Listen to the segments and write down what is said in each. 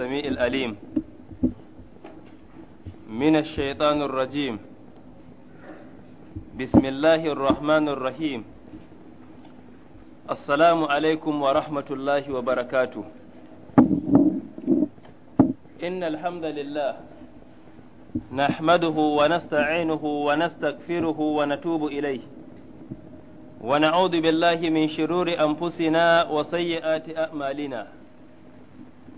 السميع الأليم من الشيطان الرجيم بسم الله الرحمن الرحيم السلام عليكم ورحمة الله وبركاته إن الحمد لله نحمده ونستعينه ونستغفره ونتوب إليه ونعوذ بالله من شرور أنفسنا وسيئات أعمالنا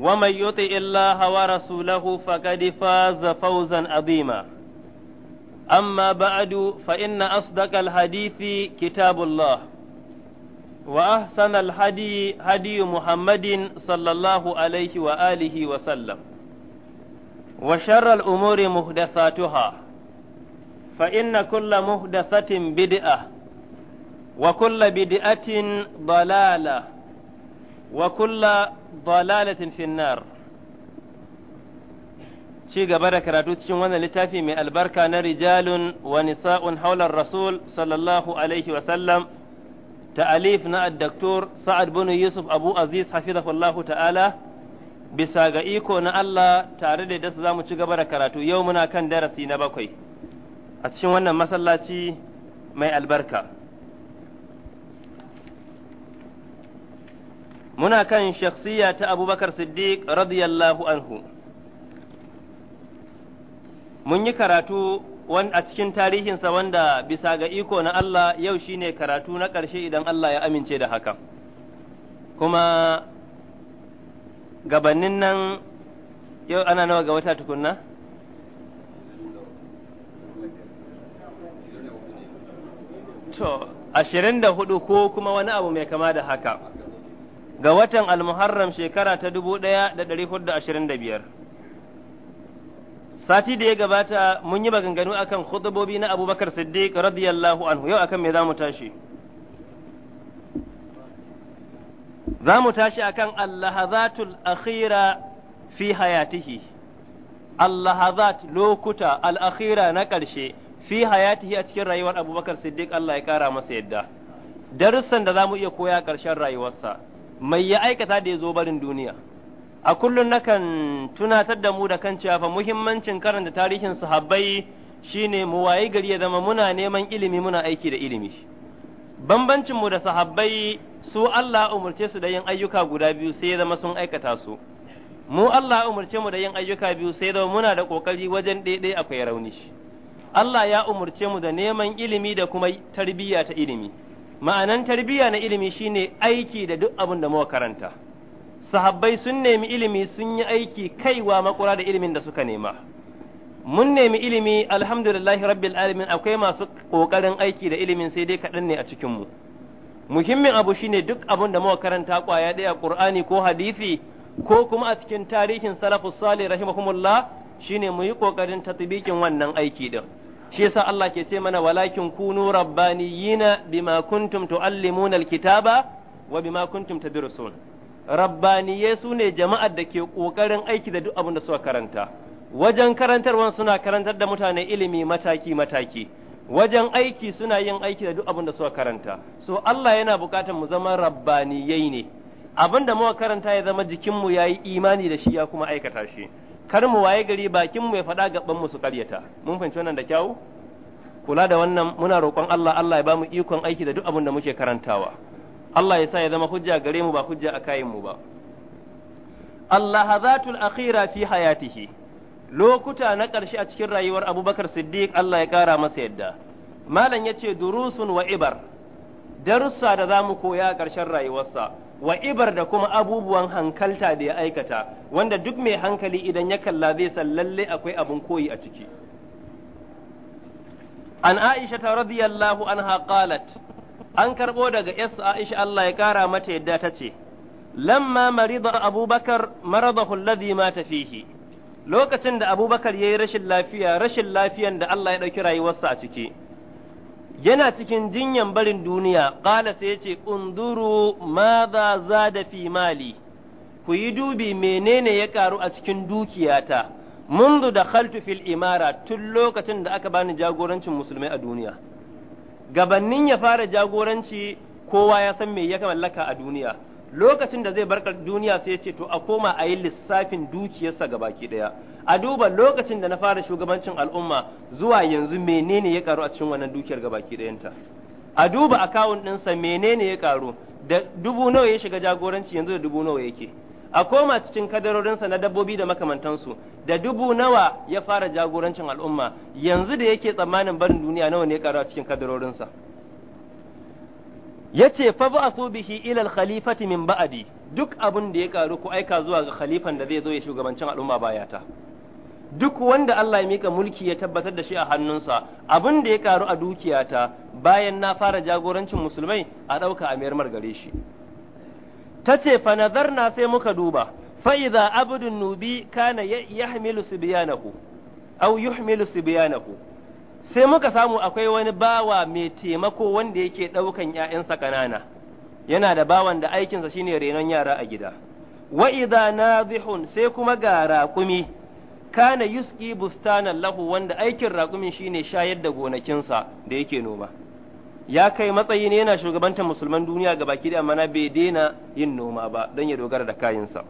ومن يطع الله ورسوله فقد فاز فوزا عظيما أما بعد فإن أصدق الحديث كتاب الله وأحسن الهدي هدي محمد صلى الله عليه وآله وسلم وشر الأمور محدثاتها فإن كل محدثة بدعة وكل بدعة ضلالة وكل ضلالة في النار ci gaba da karatu cikin wannan littafi mai albarka na rijalun wa nisa'un haular rasul sallallahu alaihi wasallam ta'alif na addaktor sa'ad bin yusuf abu aziz hafizahullahu ta'ala bisa ga iko na Allah tare da dasa zamu ci gaba da karatu yau muna kan darasi na bakwai a cikin wannan masallaci mai albarka muna kan shakhsiya ta abubakar siddiq radiyallahu anhu mun yi karatu a cikin tarihinsa wanda bisa ga iko na Allah yau shine karatu na ƙarshe idan Allah ya amince da haka kuma gabanin nan yau ana nawa ga wata tukunna? to ashirin da hudu ko kuma wani abu mai kama da haka ga watan almuharram shekara ta dubu ɗaya da ɗari hudu ashirin da biyar sati da ya gabata mun yi maganganu akan khutubobi na abubakar siddiq radiyallahu anhu yau akan me za mu tashi za mu tashi akan allahazatul akhira fi hayatihi allahazat lokuta al'akhira na ƙarshe fi hayatihi a cikin rayuwar abubakar siddiq allah ya kara masa yadda darussan da za mu iya koya ƙarshen rayuwarsa mai ya aikata da ya zo barin duniya a kullum nakan tunatar da mu da kan cewa fa muhimmancin karanta tarihin sahabbai shine mu wayi gari ya zama muna neman ilimi muna aiki da ilimi bambancin mu da sahabbai su Allah umurce su da yin ayyuka guda biyu sai ya zama sun aikata su mu Allah umurce mu da yin ayyuka biyu sai da muna da kokari wajen ɗaiɗai akwai rauni Allah ya umurce mu da neman ilimi da kuma tarbiyya ta ilimi ma'anan tarbiyya na ilimi shine aiki da duk abin da muka karanta sahabbai sun nemi ilimi sun yi aiki kaiwa makura da ilimin da suka nema mun nemi ilimi alhamdulillahi rabbil alamin akwai masu kokarin aiki da ilimin sai dai kaɗan ne a cikin mu muhimmin abu shine duk abin da muka karanta kwaya daya qur'ani ko hadisi ko kuma a cikin tarihin salafus salih rahimahumullah shine mu yi kokarin tatbikin wannan aiki din shi yasa Allah ke ce mana walakin kunu rabbaniyina bima kuntum tuallimuna alkitaba wa bima kuntum tadrusun rabbaniye sune jama'ar da ke kokarin aiki da duk abin da suka karanta wajen karantarwan suna karantar da mutane ilimi mataki mataki wajen aiki suna yin aiki da duk abin da suka karanta so Allah yana bukatar mu zama rabbaniyai ne abin da muka karanta ya zama jikinmu yayi imani da shi ya kuma aikata shi kar mu waye gari bakin mu ya faɗa gaban mu su karyata mun fahimci wannan da kyau kula da wannan muna roƙon Allah Allah ya ba mu ikon aiki da duk abin da muke karantawa Allah ya sa ya zama hujja gare mu ba hujja a kayan mu ba Allahazatul akhira fi hayatihi lokuta na ƙarshe a cikin rayuwar Abubakar Siddiq Allah ya ƙara masa yadda malam yace durusun wa ibar darussa da za mu koya a ƙarshen rayuwarsa wa ibar da kuma abubuwan hankalta da ya aikata wanda duk mai hankali idan ya kalla zai san lalle akwai abin koyi a ciki an aisha ta radiyallahu an qalat an karbo daga yas aisha Allah ya kara mata yadda ta ce lamma marida abubakar maradahu alladhi mata fihi lokacin da abubakar yayi rashin lafiya rashin lafiyan da Allah ya ɗauki rayuwarsa a ciki yana cikin jinyan barin duniya ƙala sai ya ce ƙunduru ma za da fi mali ku yi dubi menene ya karu a cikin dukiyata da khaltu fil imara tun lokacin da aka bani jagorancin musulmai a duniya gabannin ya fara jagoranci kowa ya san me ya mallaka a duniya lokacin da zai barka duniya sai ya ce to a koma a yi lissafin dukiyarsa gabaki ɗaya. a duba lokacin da na fara shugabancin al'umma zuwa yanzu menene ya karu a cikin wannan dukiyar gabaki ɗayanta a duba akawun ɗinsa menene ya karu da dubu nawa ya shiga jagoranci yanzu da dubu nawa yake a koma cikin kadarorinsa na dabbobi da makamantansu da dubu nawa ya fara jagorancin al'umma yanzu da yake tsammanin barin duniya nawa ne ya karu a cikin kadarorinsa ce fa ba bihi ilal khalifati min ba'adi? duk abin da ya karu ku aika zuwa ga khalifan da zai zo ya shugabancin al'umma baya ta? duk wanda Allah ya mika mulki ya tabbatar da shi a hannunsa abin da ya karu a dukiyata bayan na fara jagorancin musulmai a ɗauka a mayar gare shi ta ce fa nazarna sai muka duba fa idza abdun nubi kana yahmilu sibyanahu aw yuhmilu sibyanahu sai muka samu akwai wani bawa mai taimako wanda yake ɗaukan ‘ya'yansa ƙanana yana da bawan da aikinsa shine renon yara a gida wa idza nadhihun sai kuma ga raƙumi kana yuski bustanan lahu wanda aikin raƙumin shine shayar da gonakinsa da yake noma ya kai matsayi ne yana shugabantar musulman duniya ga baki da mana bai daina yin noma ba don ya dogara da kayansa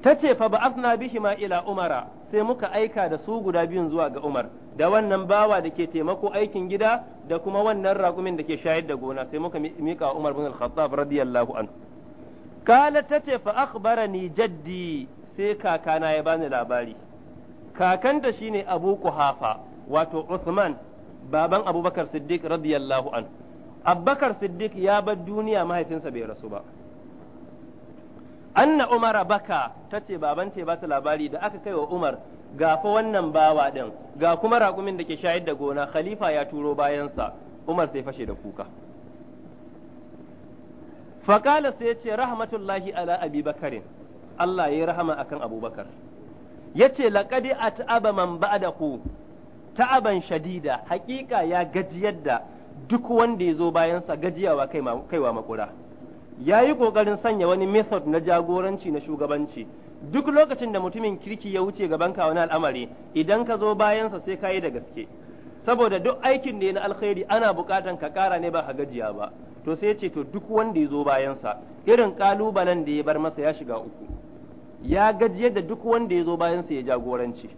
ta ce fa ba ba'athna bihima ila umara sai muka aika da su guda biyun zuwa ga umar da wannan bawa da ke taimako aikin gida da kuma wannan raƙumin da ke shayar da gona sai muka mika umar bin al-khattab radiyallahu anhu kala ta ce fa akhbarani jaddi sai kakana ya bani labari kakanta shine Abu Kuhafa wato Usman, baban Abubakar Siddiq radiyallahu an Abubakar Siddiq ya bar duniya mahaifinsa bai rasu ba Anna Umar baka tace baban ta ba ta labari da aka kai wa Umar ga fa wannan bawa ɗin, ga kuma raƙumin da ke shayar da gona khalifa ya turo bayansa Umar sai fashe da kuka Fakala sai ce rahmatullahi ala Abi Bakarin Allah ya rahama akan Abubakar yace laqadi at'aba man ba'daku ta'aban shadida haƙiƙa ya gajiyar da duk wanda ya zo bayansa gajiyawa kaiwa makura ya yi ƙoƙarin sanya wani method na jagoranci na shugabanci duk lokacin da mutumin kirki ya wuce gaban ka wani al'amari idan ka zo bayansa sai ka yi da gaske saboda duk aikin da na alkhairi ana buƙatan ka ƙara ne ba ka gajiya ba to sai ce to duk wanda ya zo bayansa irin ƙalubalen da ya bar masa ya shiga uku ya gajiyar da duk wanda ya zo bayan sa ya jagoranci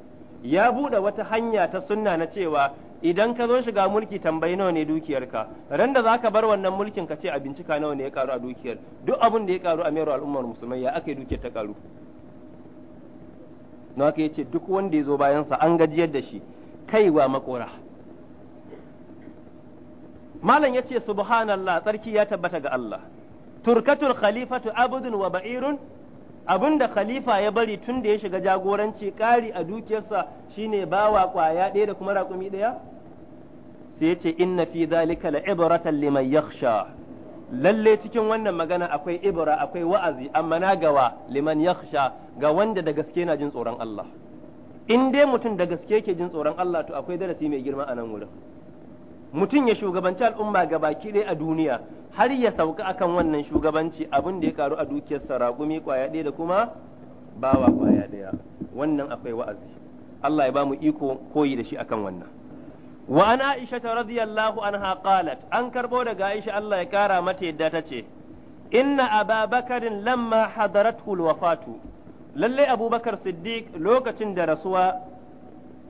ya buɗe wata hanya ta sunna na cewa idan ka zo shiga mulki tambayi nawa ne dukiyarka ran da zaka bar wannan mulkin ka ce a bincika nawa ne ya karu a dukiyar duk abin da ya karu a mero al'ummar musulmai ya aka yi dukiyar ta karu na haka yace duk wanda ya zo bayan sa an gajiyar da shi kaiwa makora malam yace subhanallah tsarki ya tabbata ga Allah turkatul khalifatu abudun wa ba'irun abin da khalifa ya bari tun da ya shiga jagoranci ƙari a dukiyarsa shine bawa ƙwaya ɗaya da kuma raƙumi ɗaya sai ya ce inna fi zalika la'ibratan liman yakhsha lalle cikin wannan magana akwai ibra akwai wa'azi amma na gawa liman yakhsha ga wanda da gaske na jin tsoron Allah in dai mutum da gaske ke jin tsoron Allah to akwai darasi mai girma a nan wurin mutum ya shugabanci al'umma ga baki ɗaya a duniya har ya sauka akan wannan shugabanci abin da ya karu a dukiyar saragumi kwaya ɗaya da kuma bawa kwaya ɗaya wannan akwai wa'azi Allah ya ba iko koyi da shi akan wannan wa an Aisha radiyallahu anha qalat an karbo daga Aisha Allah ya kara mata yadda ta ce inna ababakarin lamma hadarathu alwafatu lalle abubakar siddiq lokacin da rasuwa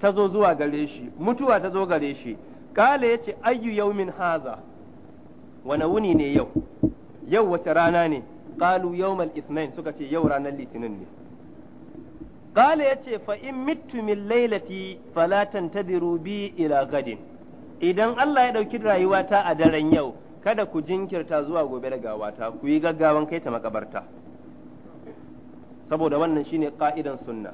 ta zo zuwa gare shi mutuwa ta zo gare shi kale yace ayyu yawmin haza wani wuni ne yau yau wace rana ne qalu yawmal ithnain suka ce yau ranar litinin ne qala yace fa in mittu min lailati fala tantadiru bi ila gadin idan Allah ya dauki rayuwata a daren yau kada ku jinkirta zuwa gobe da gawata ku yi gaggawan kai ta makabarta saboda wannan shine ka'idan sunna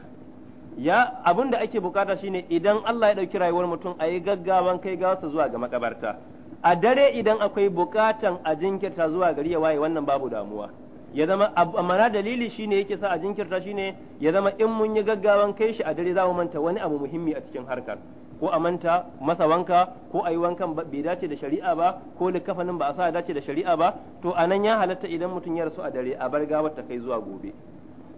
ya abin da ake bukata shine idan Allah ya ɗauki rayuwar mutum a yi gaggawan kai gawarsa zuwa ga makabarta a dare idan akwai bukatan a jinkirta zuwa gari ya waye wannan babu damuwa ya zama amma dalili shine yake sa a jinkirta shine ya zama in mun yi gaggawan kai shi a dare za mu manta wani abu muhimmi a cikin harkar ko a manta masa wanka ko a yi wankan bai dace da shari'a ba ko likafanin ba a sa dace da shari'a ba to a nan ya halatta idan mutum ya rasu a dare a bar gawar ta kai zuwa gobe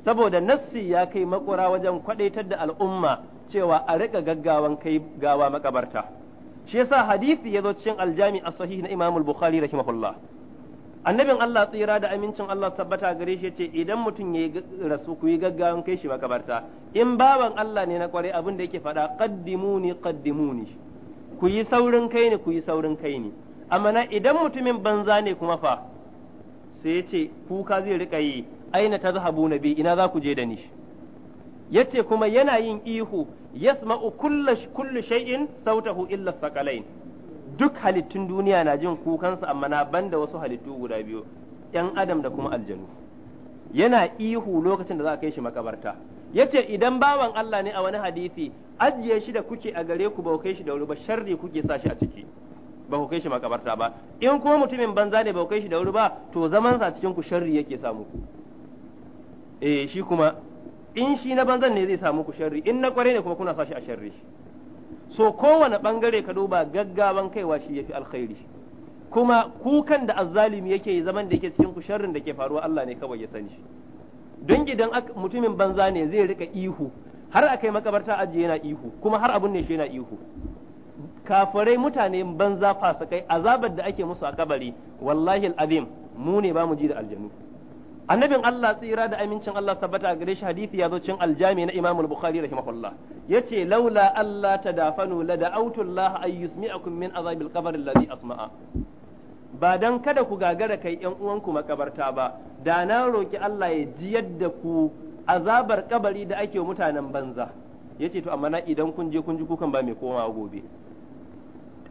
saboda nassi ya kai makura wajen kwadaitar da al'umma cewa a riƙa gaggawan kai gawa makabarta shi yasa hadisi zo cikin aljami a sahihi na Imam bukhari rahimahullah annabin Allah tsira da amincin Allah tabbata gare shi yace idan mutum yayi rasu ku yi gaggawan kai shi makabarta in baban Allah ne na kware abin da yake faɗa qaddimuni qaddimuni ku yi saurin kai ne ku yi saurin kai ne amma na idan mutumin banza ne kuma fa sai yace kuka zai rika yi aina tazhabu bi ina za ku je da ni yace kuma yana yin ihu yasma'u kullu kullu shay'in sautahu illa thaqalain duk halittun duniya na jin su amma na banda wasu halittu guda biyu yan adam da kuma aljanu yana ihu lokacin da za a kai shi makabarta yace idan bawan Allah ne a wani hadisi ajiye shi da kuke a gare ku ba kai shi da wuri ba sharri kuke sa shi a ciki ba ku kai shi makabarta ba in kuma mutumin banza ne ba ku kai shi da wuri ba to zaman sa cikin ku sharri yake sa muku eh shi kuma in shi na banzan ne zai samu ku sharri in na kware ne kuma kuna sashi a sharri so kowane bangare ka duba gaggawan kaiwa shi yafi alkhairi kuma kukan da azzalimi yake zaman da yake cikin ku sharrin da ke faruwa Allah ne kawai ya sani shi don idan mutumin banza ne zai rika ihu har a kai makabarta ajiye yana ihu kuma har abun ne shi yana ihu kafirai mutane banza fasikai azabar da ake musu a kabari wallahi al'azim mu ne ba mu ji da aljanu annabin Allah tsira da amincin Allah tabbata a gare shi hadisi ya zo cin aljami na Imam Bukhari rahimahullah yace laula Allah tadafanu la da'awtu Allah ay yusmi'akum min azabil qabr alladhi asma'a ba dan kada ku gagara kai yan uwanku makabarta ba da na roki Allah ya ji yadda ku azabar kabari da ake mutanen banza yace to amma na idan kun je kun ji kukan ba mai komawa gobe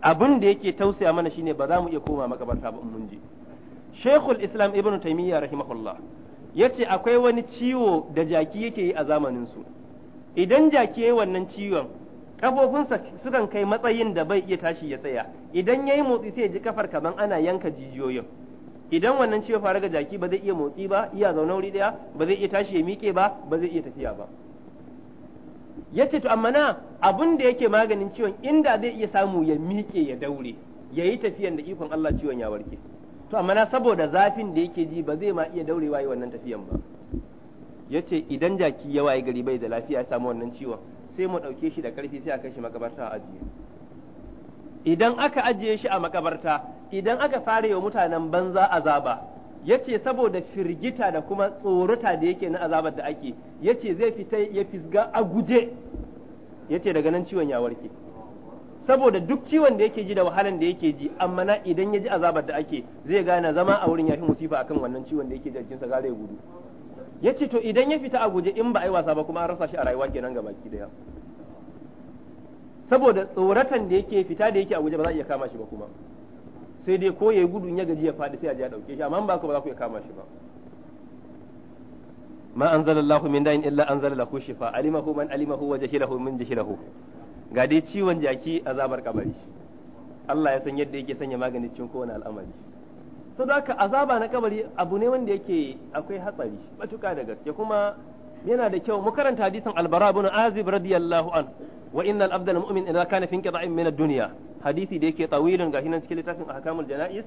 abin da yake tausaya mana shine ba za mu iya koma makabarta ba mun je Sheikhul Islam Ibn Taymiyyah rahimahullah yace akwai wani ciwo da jaki yake yi a zamanin su idan jaki yayi wannan ciwon kafofinsa sukan kai matsayin da bai iya tashi ya tsaya idan yayi motsi sai ya ji kafar kaman ana yanka jijiyoyin idan wannan ciwo fara ga jaki ba zai iya motsi ba iya zaune wuri daya ba zai iya tashi ya miƙe ba ba zai iya tafiya ba yace to amma na abun da yake maganin ciwon inda zai iya samu ya miƙe ya daure yayi tafiyan da ikon Allah ciwon ya warke to amma na saboda zafin da yake ji ba zai ma iya daurewa yi wannan tafiyan ba yace idan jaki ya waye gari bai da lafiya ya samu wannan ciwon sai mu ɗauke shi da ƙarfi sai a kai shi makabarta a ajiye idan aka ajiye shi a makabarta idan aka fara wa mutanen banza azaba yace saboda firgita da kuma tsorata da yake na azabar da ake yace zai fita ya fisga a guje yace daga nan ciwon ya warke saboda duk ciwon da yake ji da wahalan da yake ji amma na idan ya ji azabar da ake zai gane zama a wurin fi musifa akan wannan ciwon da yake ji jikinsa gare gudu ya ce to idan ya fita a guje in ba a yi wasa ba kuma an rasa shi a rayuwa kenan ga baki daya saboda tsoratan da yake fita da yake a guje ba za a iya kama shi ba kuma sai dai ko ya yi gudun ya gaji ya faɗi sai a je a ɗauke shi amma ba ku ba za ku iya kama shi ba ما أنزل الله من دين إلا أنزل له شفاء علمه من علمه وجهله من جهله ga dai ciwon jaki azabar kabari Allah ya san yadda yake sanya magani cikin kowane al'amari so da aka azaba na kabari abu ne wanda yake akwai hatsari matuka da gaske kuma yana da kyau mu karanta hadisin albara ibn azib radiyallahu an wa innal abdal mu'min idza kana fi inqita'in min ad-dunya hadisi da yake tawilun gashi nan cikin littafin ahkamul jana'is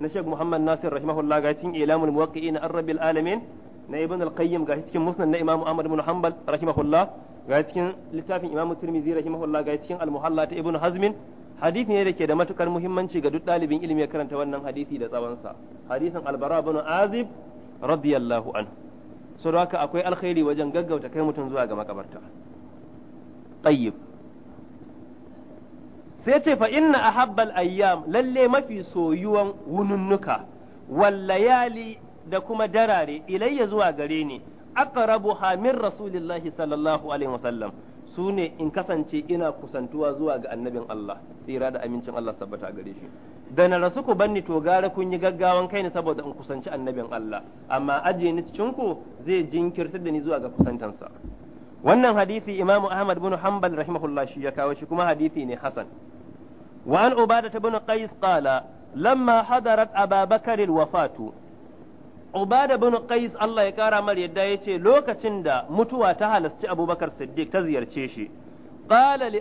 na Sheikh Muhammad Nasir rahimahullah ga cikin ilamul muwaqqi'in ar-rabbil alamin na ibn al-qayyim gashi cikin musnad na Imam Ahmad ibn Hanbal rahimahullah ga cikin littafin imamu tirmidhi rahimahullah ga cikin almuhalla ta ibnu hazmin hadisi ne da ke da matukar muhimmanci ga duk ɗalibin ilimi ya karanta wannan hadisi da tsawonsa hadisin albara bin azib radiyallahu anhu so haka akwai alkhairi wajen gaggauta kai mutum zuwa ga makabarta tayyib sai ce fa inna ahabbal ayyam lalle mafi soyuwan wununnuka wallayali da kuma darare ilayya zuwa gare ni aqrabuha min rasulillahi sallallahu alaihi wasallam su ne in kasance ina kusantuwa zuwa ga annabin Allah tsira da amincin Allah sabbata gare shi da na rasu ku banni to gara kun yi gaggawan kai ne saboda in kusanci annabin Allah amma ajiye ni cikin ku zai jinkirta da ni zuwa ga kusantansa wannan hadisi imamu ahmad bin hanbal rahimahullah shi ya kawo shi kuma hadisi ne hasan wa an ubada bin qais qala lamma hadarat ababakar alwafatu Ubada bin Qais Allah ya kara mar yadda ya ce lokacin da mutuwa ta halasci Abubakar Siddiq ta ziyarce shi qala li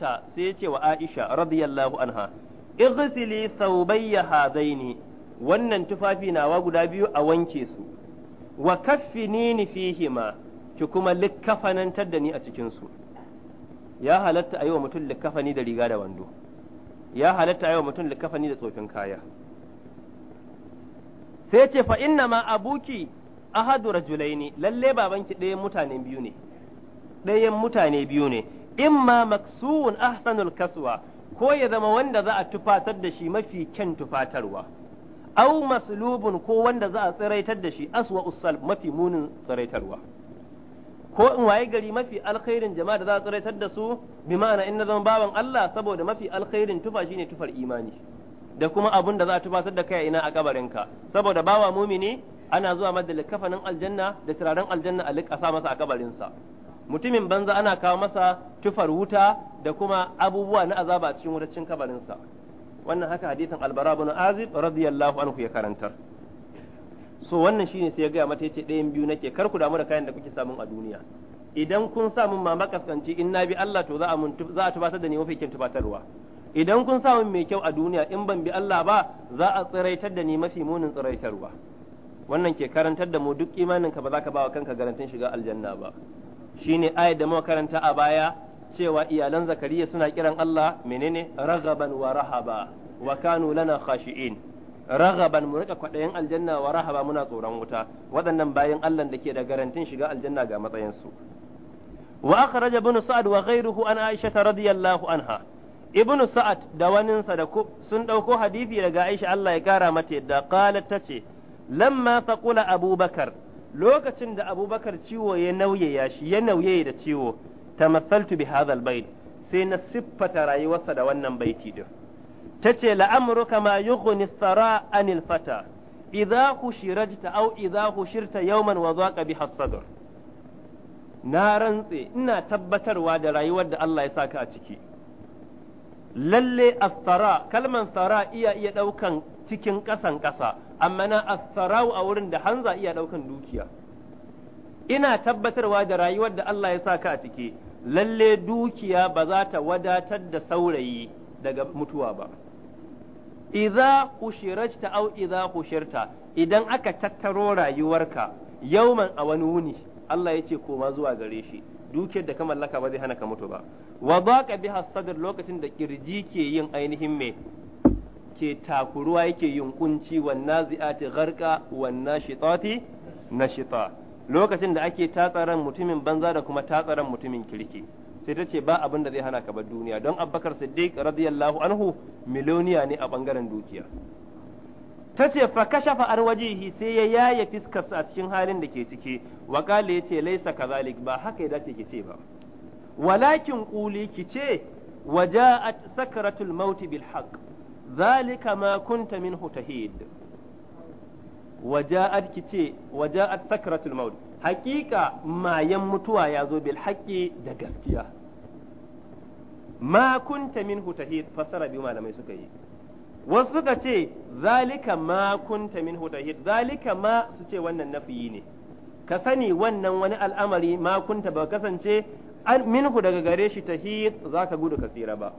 ta sai ya ce wa Aisha radiyallahu anha igsili thawbayya hadaini wannan tufafi nawa guda biyu a wanke su wa kaffinini fihima ki kuma likkafanantar da ni a cikin su ya halatta a yi wa mutum likkafani da riga da wando ya halatta a yi wa mutum likkafani da tsofin kaya sai ce fa inna ma abuki ahadu rajulaini lalle babanki ɗayan mutane biyu ne ɗayan mutane biyu ne imma maksuun ahsanul kaswa ko ya zama wanda za a tufatar da shi mafi kyan tufatarwa au maslubun ko wanda za a tsiraitar da shi aswa usal mafi munin tsiraitarwa ko in waye gari mafi alkhairin jama'a da za a tsiraitar da su bi ma'ana in na zama bawan Allah saboda mafi alkhairin tufa shine tufar imani da kuma abun da za a tubatar da kai ina a kabarinka saboda bawa mumini ana zuwa masa kafanin aljanna da turaren aljanna a liƙa masa a kabarinsa mutumin banza ana kawo masa tufar wuta da kuma abubuwa na azaba a cikin wuracin kabarinsa wannan haka hadisin albara bin azib radiyallahu anhu ya karantar so wannan shine sai ya gaya mata yace ɗayan biyu nake kar ku damu da kayan da kuke samun a duniya idan kun sa min in na bi Allah to za a za tubatar da ni mafi kyan tubatarwa idan kun samu mai kyau a duniya in ban bi Allah ba za a tsiraitar da ni mafi munin tsiraitarwa wannan ke karantar da mu duk imaninka ba za ka ba wa kanka garantin shiga aljanna ba shine ayat da muka karanta a baya cewa iyalan zakariya suna kiran Allah menene ragaban wa rahaba wa kanu lana khashi'in ragaban mu rika kwaɗayin aljanna wa rahaba muna tsoron wuta waɗannan bayan Allah da ke da garantin shiga aljanna ga matsayinsu wa akhraja ibn sa'ad wa ghayruhu an aisha radiyallahu anha Ibnu sa'ad da waninsa da ku sun ɗauko hadisi daga aisha Allah ya kara mata yadda qalat tace lamma taqula abubakar lokacin da abubakar ciwo ya nauye ya shi ya nauye da ciwo tamathaltu bi hadha albayt sai na siffata rayuwarsa da wannan baiti din tace la'amruka ma yughni thara anil fata idza hushirajta aw idza hushirta yawman wa dhaqa bi hasadr na rantse ina tabbatarwa da rayuwar da Allah ya saka a ciki lalle astara kalman tsara iya iya ɗaukan cikin ƙasan ƙasa amma na astarau a wurin da hanza iya ɗaukan dukiya ina tabbatarwa da rayuwar da Allah ya sa ka a ciki lalle dukiya ba za ta wadatar da saurayi daga mutuwa ba idza ushirajta au idza kushirta idan aka tattaro rayuwarka yauman a wani wuni Allah ya ce koma zuwa gare shi dukiyar da ka mallaka ba zai hana ka mutu ba wa ka biha sadr lokacin da kirji ke yin ainihin me ke takuruwa yake yin kunci wan nazi'ati gharqa wan nashitati nashita lokacin da ake tatsaran mutumin banza da kuma tatsaran mutumin kirki sai ta ce ba abin da zai hana ka ba duniya don abbakar siddiq radiyallahu anhu miloniya ne a bangaren dukiya ta ce fa kashafa arwajihi sai ya yaye fiskarsa a cikin halin da ke ciki wa kale yace laisa kazalik ba haka ya dace ki ce ba walakin quli ki ce waja'at sakratul maut bil haqq zalika ma kunta minhu tahid waja'at ki ce waja'at sakratul maut haqiqa mayan mutuwa ya zo bil haqqi da gaskiya ma kunta minhu tahid fasara bi malamai suka yi wasu ka ce zalika ma kunta min hudahid zalika ma su ce wannan nafiyi ne ka sani wannan wani al'amari ma kunta ba kasance min hu daga gare shi tahid ka gudu ka tsira ba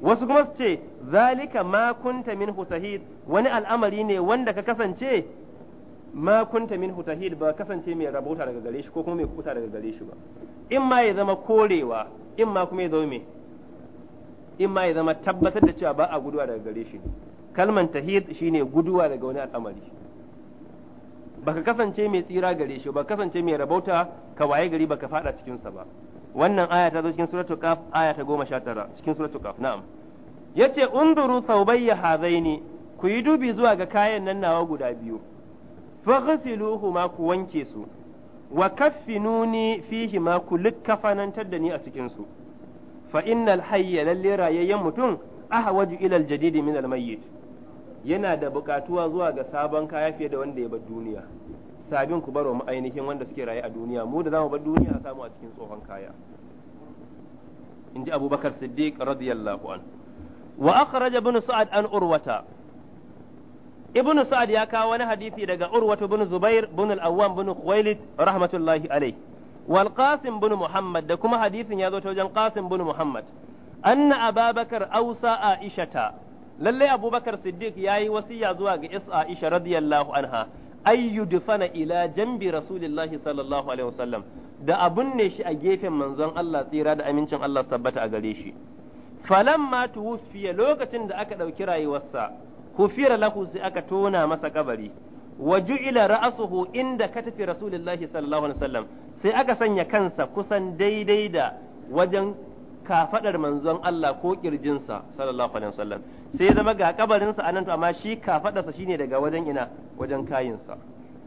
wasu kuma su ce zalika ma kunta minhu tahid wani al'amari ne wanda ka kasance ma kunta minhu tahid ba kasance mai rabota daga gare shi ko kuma mai kuta daga gare shi ba in ma ya zama korewa in ma kuma ya zama in ma ya zama tabbatar da cewa ba a guduwa daga gare shi kalman tahid shine guduwa daga wani al'amari baka kasance mai tsira gare shi ba kasance mai rabauta ka waye gari baka fada cikin sa ba wannan aya ta zo cikin suratul kaf aya ta 19 cikin suratul kaf na'am yace unduru thawbayya hazaini ku yi dubi zuwa ga kayan nan nawa guda biyu faghsiluhu ma ku wanke su wa kaffinuni fihi ma ku likkafanantar da ni a cikin su fa innal hayya lalle rayayyen mutum ahwaju ila jadidi min almayyit yana da bukatuwa zuwa ga sabon kaya fiye da wanda ya bar duniya sabin ku baro mu ainihin wanda suke raye a duniya mu da zamu bar duniya a samu a cikin tsohon kaya inji abubakar siddiq radiyallahu an wa akhraj ibn sa'ad an urwata ibn sa'ad ya kawo wani hadisi daga urwata ibn zubair ibn al-awwam ibn khuwailid rahmatullahi alayhi wal qasim bin muhammad da kuma hadisin ya zo ta wajen qasim bin muhammad anna ababakar ausa aishata lallai abubakar siddiq yayi wasiya zuwa ga is aisha radiyallahu anha ay ila jambi rasulillahi sallallahu alaihi wasallam da abun ne shi a gefen manzon Allah tsira da amincin Allah sabbata a gare shi falamma tuwfiya lokacin da aka dauki rayuwarsa hufira lahu sai aka tona masa kabari wa ju'ila ra'suhu inda katafi rasulillahi sallallahu alaihi wasallam sai aka sanya kansa kusan daidai da wajen kafadar manzon Allah ko kirjinsa sallallahu alaihi wasallam sai zama ga kabarinsa anan to amma shi kafadarsa shine daga wajen ina wajen kayinsa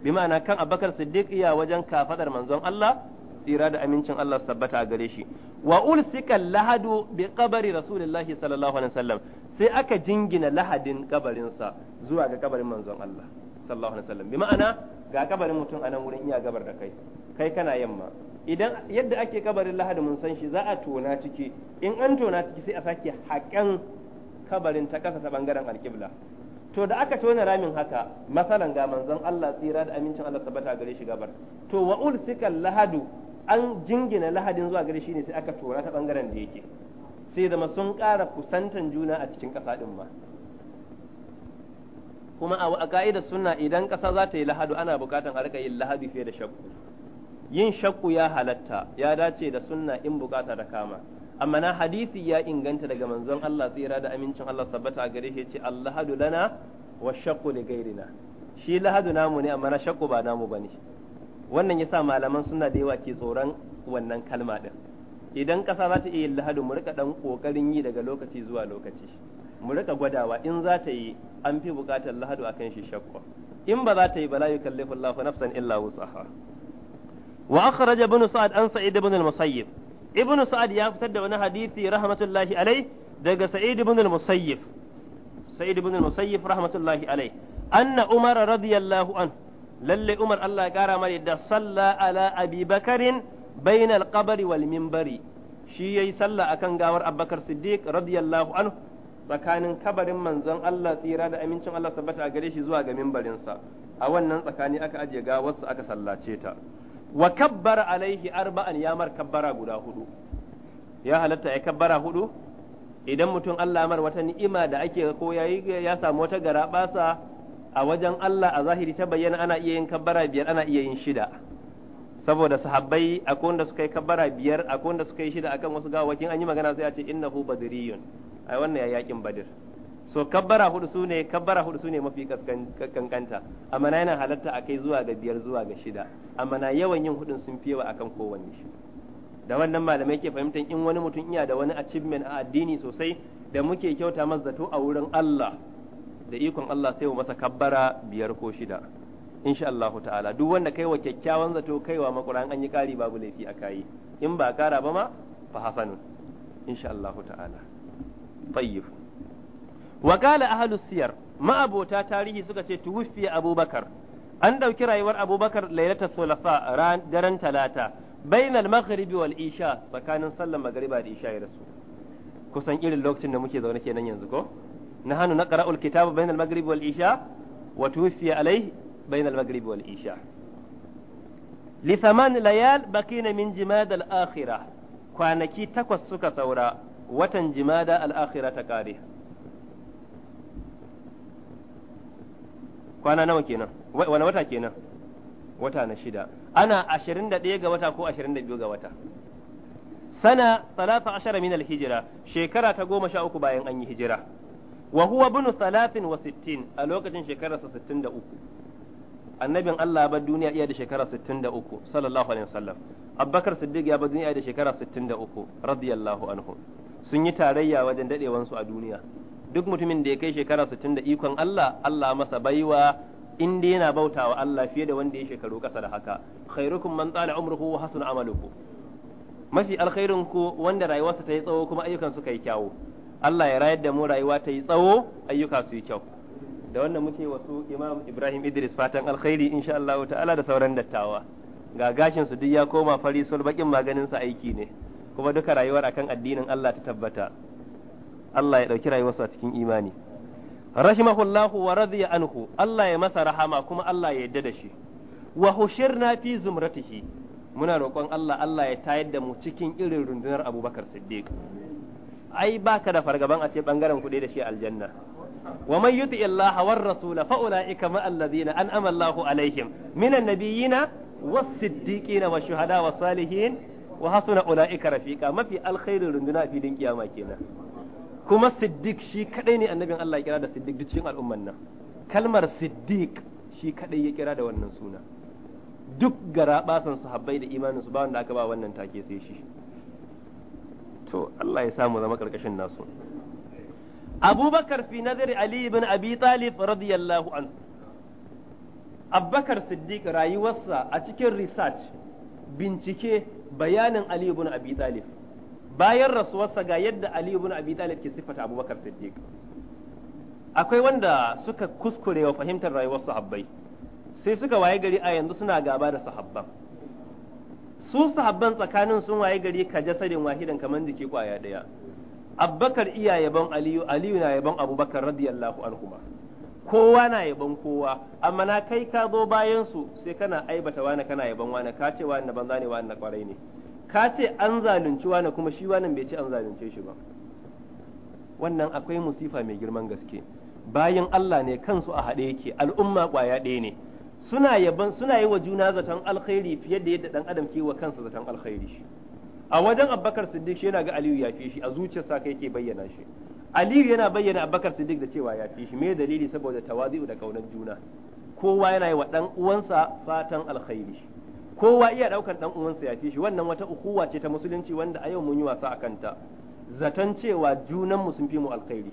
bi ma'ana kan Abubakar Siddiq iya wajen kafadar manzon Allah tsira da amincin Allah sabbata a gare shi wa ulsika lahadu bi qabri rasulillahi sallallahu alaihi wasallam sai aka jingina lahadin kabarinsa zuwa ga kabarin manzon Allah sallallahu alaihi wasallam bi ma'ana ga kabarin mutum a nan wurin iya gabar da kai kai kana yamma idan yadda ake kabarin lahadi mun san shi za a tona ciki in an tona ciki sai a sake haƙan kabarin ta ƙasa ta bangaren alƙibla to da aka tona ramin haka masalan ga manzon Allah tsira da amincin Allah tabbata gare shi gabar to wa ulsikal lahadu an jingina lahadin zuwa gare shi ne sai aka tona ta bangaren da yake sai zama sun ƙara kusantan juna a cikin ƙasa din ma kuma a ka'idar sunna idan ƙasa za ta yi lahadu ana buƙatar a riƙa yin lahadu fiye da shakku yin shakku ya halatta ya dace da sunna in buƙata da kama amma na hadisi ya inganta daga manzon Allah tsira da amincin Allah sabbata a gare shi ce Allahadu lana wa shakku li gairina shi lahadu namu ne amma na shakku ba namu bane wannan yasa malaman suna da yawa ke tsoron wannan kalma din idan ƙasa za ta iya lahadu mu riƙa ɗan ƙoƙarin yi daga lokaci zuwa lokaci mu rika gwadawa in za ta yi an fi bukatar lahadu akan shi shakwa in ba za ta yi ba la yukallifu Allahu nafsan illa wusaha wa akhraja ibn sa'ad an sa'id ibn al-musayyib ibn sa'ad ya fitar da wani hadisi rahmatullahi alai daga sa'id ibn al sa'id ibn al rahmatullahi alai anna umar radiyallahu an lalle umar Allah ya kara mari da salla ala abi bakarin bainal qabri wal minbari shi yayi sallah akan gawar abubakar siddiq radiyallahu anhu tsakanin kabarin manzon Allah tsira da amincin Allah sabbata a gare shi zuwa ga mimbarinsa a wannan tsakani aka ajiye gawarsa aka sallace ta wa kabbara alaihi arba'an ya mar kabbara guda hudu ya halatta ya kabbara hudu idan mutum Allah mar wata ni'ima da ake ko yayi ya samu wata garabasa a wajen Allah a zahiri ta bayyana ana iya yin kabbara biyar ana iya yin shida saboda sahabbai akwai wanda suka yi kabbara biyar akwai wanda suka yi shida akan wasu gawakin an yi magana sai a ce innahu badriyun ai wannan ya yakin badir so kabbara hudu su ne kabbara hudu su ne mafi kankanta amma na yana halatta a kai zuwa ga biyar zuwa ga shida amma na yawan yin hudun sun fi yawa akan kowanne shi da wannan malamai ke fahimtar in wani mutum iya da wani achievement a addini sosai da muke kyauta masa zato a wurin Allah da ikon Allah sai mu masa kabbara biyar ko shida insha Allah ta'ala duk wanda kai wa kyakkyawan zato kaiwa makuran an yi kari babu laifi a kayi in ba kara ba ma fa hasanun insha Allah ta'ala tayyib wa qala ahlus siyar ma'abota tarihi suka ce tuwuffi abubakar an dauki rayuwar abubakar lailatul sulafa ran daren talata bainal maghribi wal isha tsakanin sallar magriba da isha ya rasu kusan irin lokacin da muke zaune kenan yanzu ko na hannu na qara'ul kitabu bainal maghribi wal isha wa tuwuffi alayhi bainal maghribi wal isha لثمان ليال بقينا من جماد الآخرة kwanaki takwas suka saura watan jimada al'akhira ta kare kwana nawa kenan wani wata kenan wata na shida ana ashirin da ɗaya ga wata ko ashirin da biyu ga wata sana talata ashara min hijira shekara ta goma sha uku bayan an yi hijira wa huwa bunu talatin wa sittin a lokacin shekararsa sittin da uku annabin Allah bar duniya iya da shekara 63 sallallahu alaihi wasallam Abubakar Siddiq ya bar duniya da shekara 63 radiyallahu anhu sun yi tarayya wajen dadewansu a duniya duk mutumin da ya kai shekara 60 da ikon Allah Allah masa baiwa in dai yana bautawa Allah fiye da wanda ya shekaru kasa da haka khairukum man tsala umruhu wa hasuna amaluhu mafi alkhairin ku wanda rayuwarsa ta yi tsawo kuma ayyukan su kai kyawu Allah ya rayar da mu rayuwa ta yi tsawo ayyuka su yi kyau da wannan muke wasu Imam Ibrahim Idris fatan alkhairi insha Allah ta'ala da sauran dattawa ga gashin su duk ya koma fari sul bakin maganin sa aiki ne kuma duka rayuwar akan addinin Allah ta tabbata Allah ya ɗauki rayuwarsu a cikin imani rahimahullahu wa radiya anhu Allah ya masa rahama kuma Allah ya yarda da shi wa hushirna fi zumratihi muna roƙon Allah Allah ya tayar da mu cikin irin rundunar Abubakar Siddiq ai baka da fargaban a ce bangaren kuɗi da shi aljanna wa man yuti Allah war rasula fa ulaika ma alladhina an'ama Allahu alaihim minan nabiyina was siddiqina wa shuhada wa salihin wa hasuna ulaika rafiqa mafi alkhairin runduna a filin kiyama kenan kuma siddiq shi kadai ne annabin Allah ya kira da siddiq duk cikin al'umman nan kalmar siddiq shi kadai ya kira da wannan suna duk garabasan sahabbai da imanin su ba wanda aka ba wannan take sai shi to Allah ya samu zama karkashin nasu Abubakar fi nazari Ali ibn Abi Talib radiyallahu anhu Abubakar Siddiq rayuwarsa a cikin research bincike bayanin Ali ibn Abi Talib bayan rasuwarsa ga yadda Ali ibn Abi Talib ke siffata Abubakar Siddiq akwai wanda suka kuskure wa fahimtar rayuwar sahabbai sai suka waye gari a yanzu suna gaba da sahabban su sahabban tsakanin sun waye gari ka jasadin wahidan kamar jiki kwaya daya Abubakar iya yabon Aliyu Aliyu na yaban Abubakar radiyallahu anhuma kowa na yaban kowa amma na kai ka zo bayan su sai kana aibata wani kana yaban wani ka ce wani banza ne wani kwarai ne ka ce an zalunci wani kuma shi wani bai ce an zalunce shi ba wannan akwai musifa mai girman gaske bayan Allah ne kansu a haɗe yake al'umma ƙwaya ɗaya ne suna yaban suna yi wa juna zaton alkhairi fiye da yadda ɗan adam ke wa kansa zaton alkhairi a wajen Abubakar Siddiq shi yana ga Aliyu ya fi shi a zuciyarsa kai yake bayyana shi aliyu yana bayyana abubakar siddiq da cewa ya fi shi me dalili saboda tawazi'u da kaunar juna kowa yana yi wa ɗan uwansa fatan alkhairi kowa iya ɗaukar ɗan uwansa ya fi shi wannan wata ukuwa ce ta musulunci wanda a yau mun yi wasa akan ta zaton cewa junan mu sun fi mu alkhairi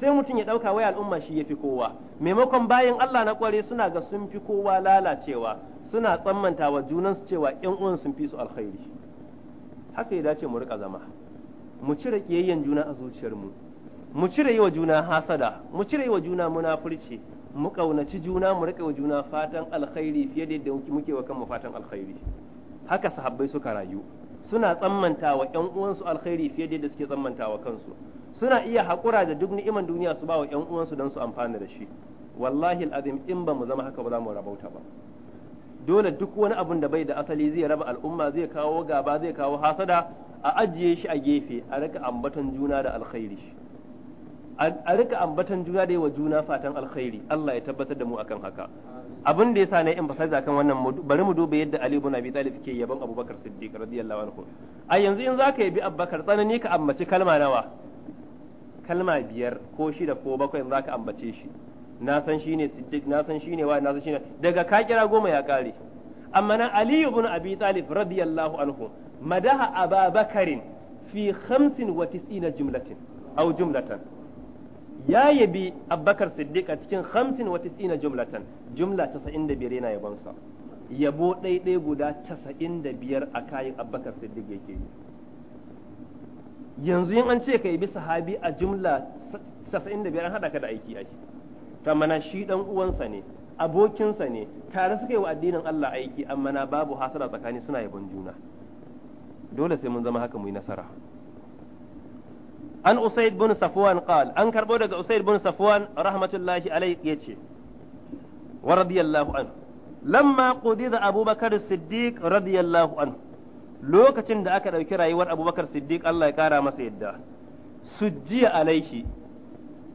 sai mutum ya ɗauka wai al'umma shi ya fi kowa maimakon bayan Allah na kware suna ga sun fi kowa lalacewa suna tsammanta wa junansu cewa yan uwan sun fi su alkhairi haka ya dace mu riƙa zama mu cire kiyayyen juna a zuciyarmu mu mu cire yi wa juna hasada mu cire yi wa juna munafurci mu ƙaunaci juna mu rika wa juna fatan alkhairi fiye da yadda muke wa kanmu fatan alkhairi haka sahabbai suka rayu suna tsammanta wa ƴan uwansu alkhairi fiye da yadda suke tsammanta wa kansu suna iya haƙura da duk ni'iman duniya su ba wa ƴan uwansu don su amfana da shi wallahi alazim in ba mu zama haka ba za mu rabauta ba dole duk wani abun da bai da asali zai raba al'umma zai kawo gaba zai kawo hasada a ajiye shi a gefe a rika ambaton juna da alkhairi a rika ambatan juna da wa juna fatan alkhairi Allah ya tabbatar da mu akan haka abin da yasa na in fasaza kan wannan bari mu duba yadda Ali ibn Abi Talib ke yaban Abubakar Siddiq radiyallahu anhu a yanzu in zaka yabi Abubakar tsanani ka ambaci kalma nawa kalma biyar ko shida ko bakwai in zaka ambace shi na san shine Siddiq na san shine wa na san shine daga ka kira goma ya kare amma nan Ali ibn Abi Talib radiyallahu anhu madaha Abubakarin fi 95 jumlatin aw jumlatan ya yabi Abubakar Siddiq a cikin 95 jumlatan jumla 95 yana yabonsa yabo ɗaiɗai guda 95 a kayan Abubakar Siddiq yake yi yanzu yin an ce ka yabi sahabi a jumla 95 an haɗa ka da aiki aiki ta mana shi dan uwansa ne abokinsa ne tare suka yi wa addinin Allah aiki amma na babu hasara tsakani suna yabon juna dole sai mun zama haka mu yi nasara an usaid bin safwan qal an karbo daga usaid bin safwan rahmatullahi alayhi yace wa radiyallahu an lamma qudida abubakar siddiq radiyallahu an lokacin da aka dauki rayuwar abubakar siddiq Allah ya kara masa yadda sujjiya alaihi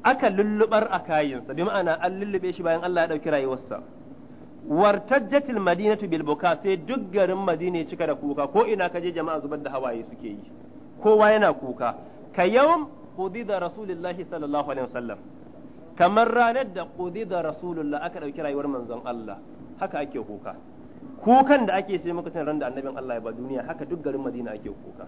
aka lullubar a kayinsa bi ma'ana an lullube shi bayan Allah ya dauki rayuwarsa wartajjatil madinatu bil buka sai duk garin madina ya cika da kuka ko ina kaje jama'a zubar da hawaye suke yi kowa yana kuka ka ƙudi da rasulullahi sallallahu alaihi wasallam kamar ranar da da rasulullah aka ɗauki rayuwar manzon Allah haka ake kuka kukan da ake sai makasin ran da annabin Allah ya ba duniya haka duk garin Madina ake kuka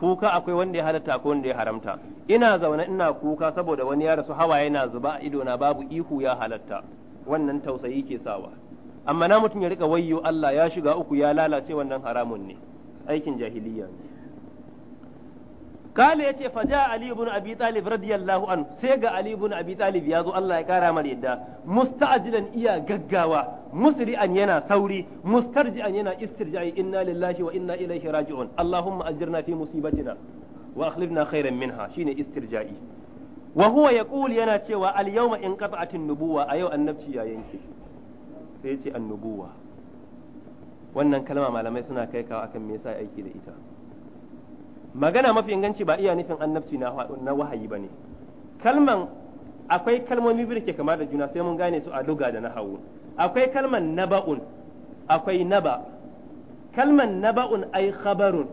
kuka akwai wanda ya halatta ko wanda ya haramta ina zaune ina kuka saboda wani ya rasu hawa yana zuba a ido na babu ihu ya halatta wannan tausayi ke sawa amma na mutum ya rika wayyo Allah ya shiga uku ya lalace wannan haramun ne aikin jahiliya ne kale yace fa ja ali ibn abi talib radiyallahu an sai ga ali ibn abi talib ya zo Allah ya kara mana yadda musta'jilan iya gaggawa musri'an yana sauri mustarji'an yana istirja'i inna lillahi wa inna ilaihi raji'un allahumma ajirna fi musibatina wa akhlifna khairan minha shine istirja'i wa huwa yaqul yana cewa al yawma in qata'atin nubuwa a yau ya yanke sai yace annubuwa wannan kalma malamai suna kai kawo akan me yasa aiki da ita magana mafi inganci ba iya nufin annabci na na wahayi ba ne kalman akwai kalmomi biyu ke kama da juna sai mun gane su a duga da na hawu akwai kalman naba'un akwai naba kalman naba'un ai khabarun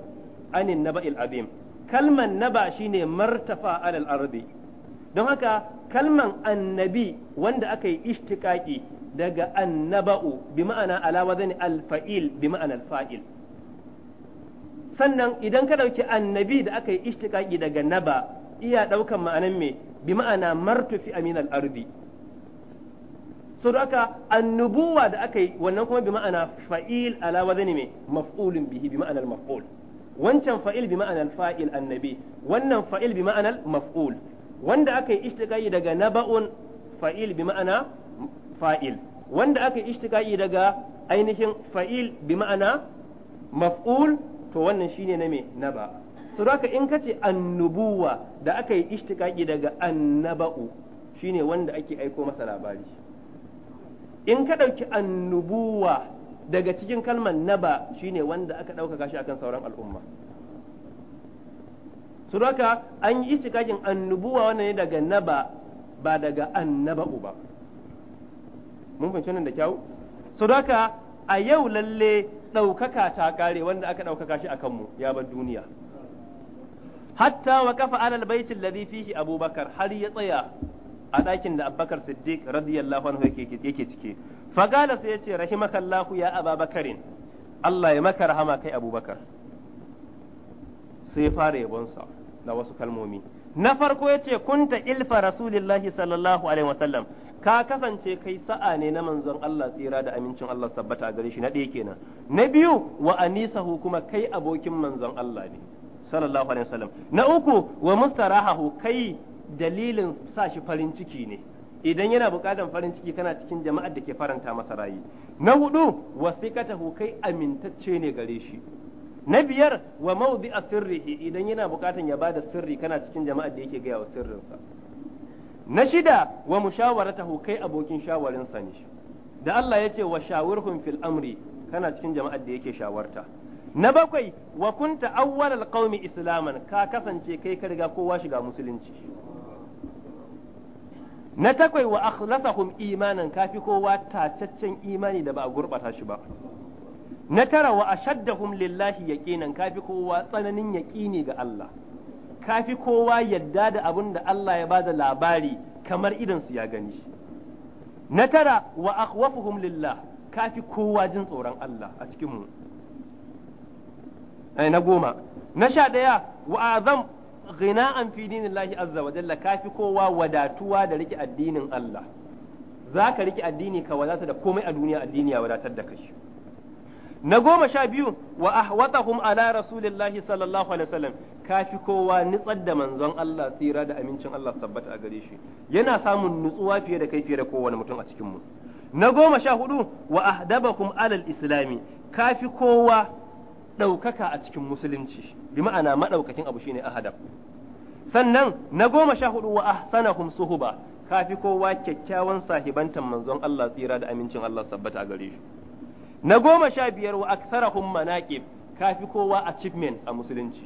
anin naba'il azim kalman naba shine martafa alal ardi don haka kalman annabi wanda aka yi ishtiqaqi daga annaba'u bi ma'ana alawa zani alfa'il bi ma'ana fa'il. sannan idan ka ɗauki annabi da aka yi ishtiƙaƙi daga naba iya ɗaukan ma'anan me bi ma'ana martufi aminal ardi so da aka annubuwa da aka yi wannan kuma bi ma'ana fa'il ala wazani me maf'ulun bihi bi ma'anar maf'ul wancan fa'il bi ma'anar fa'il annabi wannan fa'il bi ma'anar maf'ul wanda aka yi ishtiƙaƙi daga naba'un fa'il bi ma'ana fa'il wanda aka yi ishtiƙaƙi daga ainihin fa'il bi ma'ana maf'ul to wannan shine na me naba su haka in ce annubuwa da aka yi ishtiqaqi daga annaba'u shine wanda ake aiko masa labari in ka ɗauki annubuwa daga cikin kalmar naba shine wanda aka dauka shi akan sauran al'umma su haka an yi ishtiqaqin annubuwa wannan ne daga naba ba daga annaba'u ba mun fahimci nan da kyau su haka a yau lalle ɗaukaka ta kare wanda aka ɗaukaka shi a kanmu ya bar duniya hatta wa kafa alal baitin ladhi fihi abubakar har ya tsaya a ɗakin da abubakar siddiq radiyallahu anhu yake ciki fagala sai ya ce rahimakallahu ya ababakarin Allah ya maka rahama kai abubakar sai fara yabonsa da wasu kalmomi na farko ya ce kunta ilfa rasulillahi sallallahu alaihi wasallam ka kasance kai sa'a ne na manzon Allah tsira da amincin Allah sabbata a gare shi na ɗaya kenan na biyu wa anisahu kuma kai abokin manzon Allah ne sallallahu alaihi wasallam na uku wa mustarahahu kai dalilin sa shi farin ciki ne idan yana buƙatar farin ciki kana cikin jama'ar da ke faranta masa rayi na hudu wasikata kai amintacce ne gare shi na biyar wa a sirrihi idan yana buƙatar ya bada sirri kana cikin jama'ar da yake gaya wa sirrinsa na shida wa mushawaratahu kai abokin shawarinsa ne da Allah ya ce wa shawirhum fil amri kana cikin jama'ar da yake shawarta na bakwai wa kunta awwalal qaumi islaman ka kasance kai ka riga kowa shiga musulunci na takwai wa akhlasahum imanan kafi kowa tacaccen imani da ba a gurbata shi ba na tara wa ashaddahum lillahi yaqinan kafi kowa tsananin yaqini ga Allah kafi kowa yadda da abin da Allah ya bada labari kamar idan su ya gani shi na tara wa akhwafuhum lillah kafi kowa jin tsoron Allah a cikin mu ai eh, na goma na sha daya wa azam ghina'an fi dinillahi azza wa jalla kafi kowa wadatuwa da rike addinin Allah zaka rike addini ka wadata da komai a duniya addini ya wadatar da kai na goma sha biyu wa ahwatahum ala rasulillahi sallallahu alaihi wasallam kafi kowa nitsar da manzon Allah tsira da amincin Allah sabbata a gare shi yana samun nutsuwa fiye da kai fiye da kowane mutum a cikin mu na goma sha hudu wa ahdabakum alal islami kafi kowa ɗaukaka a cikin musulunci bi ma'ana maɗaukakin abu shine ahadab sannan na goma sha hudu wa ahsanahum suhuba kafi kowa kyakkyawan sahibantan manzon Allah tsira da amincin Allah sabbata a gare shi na goma sha biyar wa aksarahum manaqib kafi kowa achievements a musulunci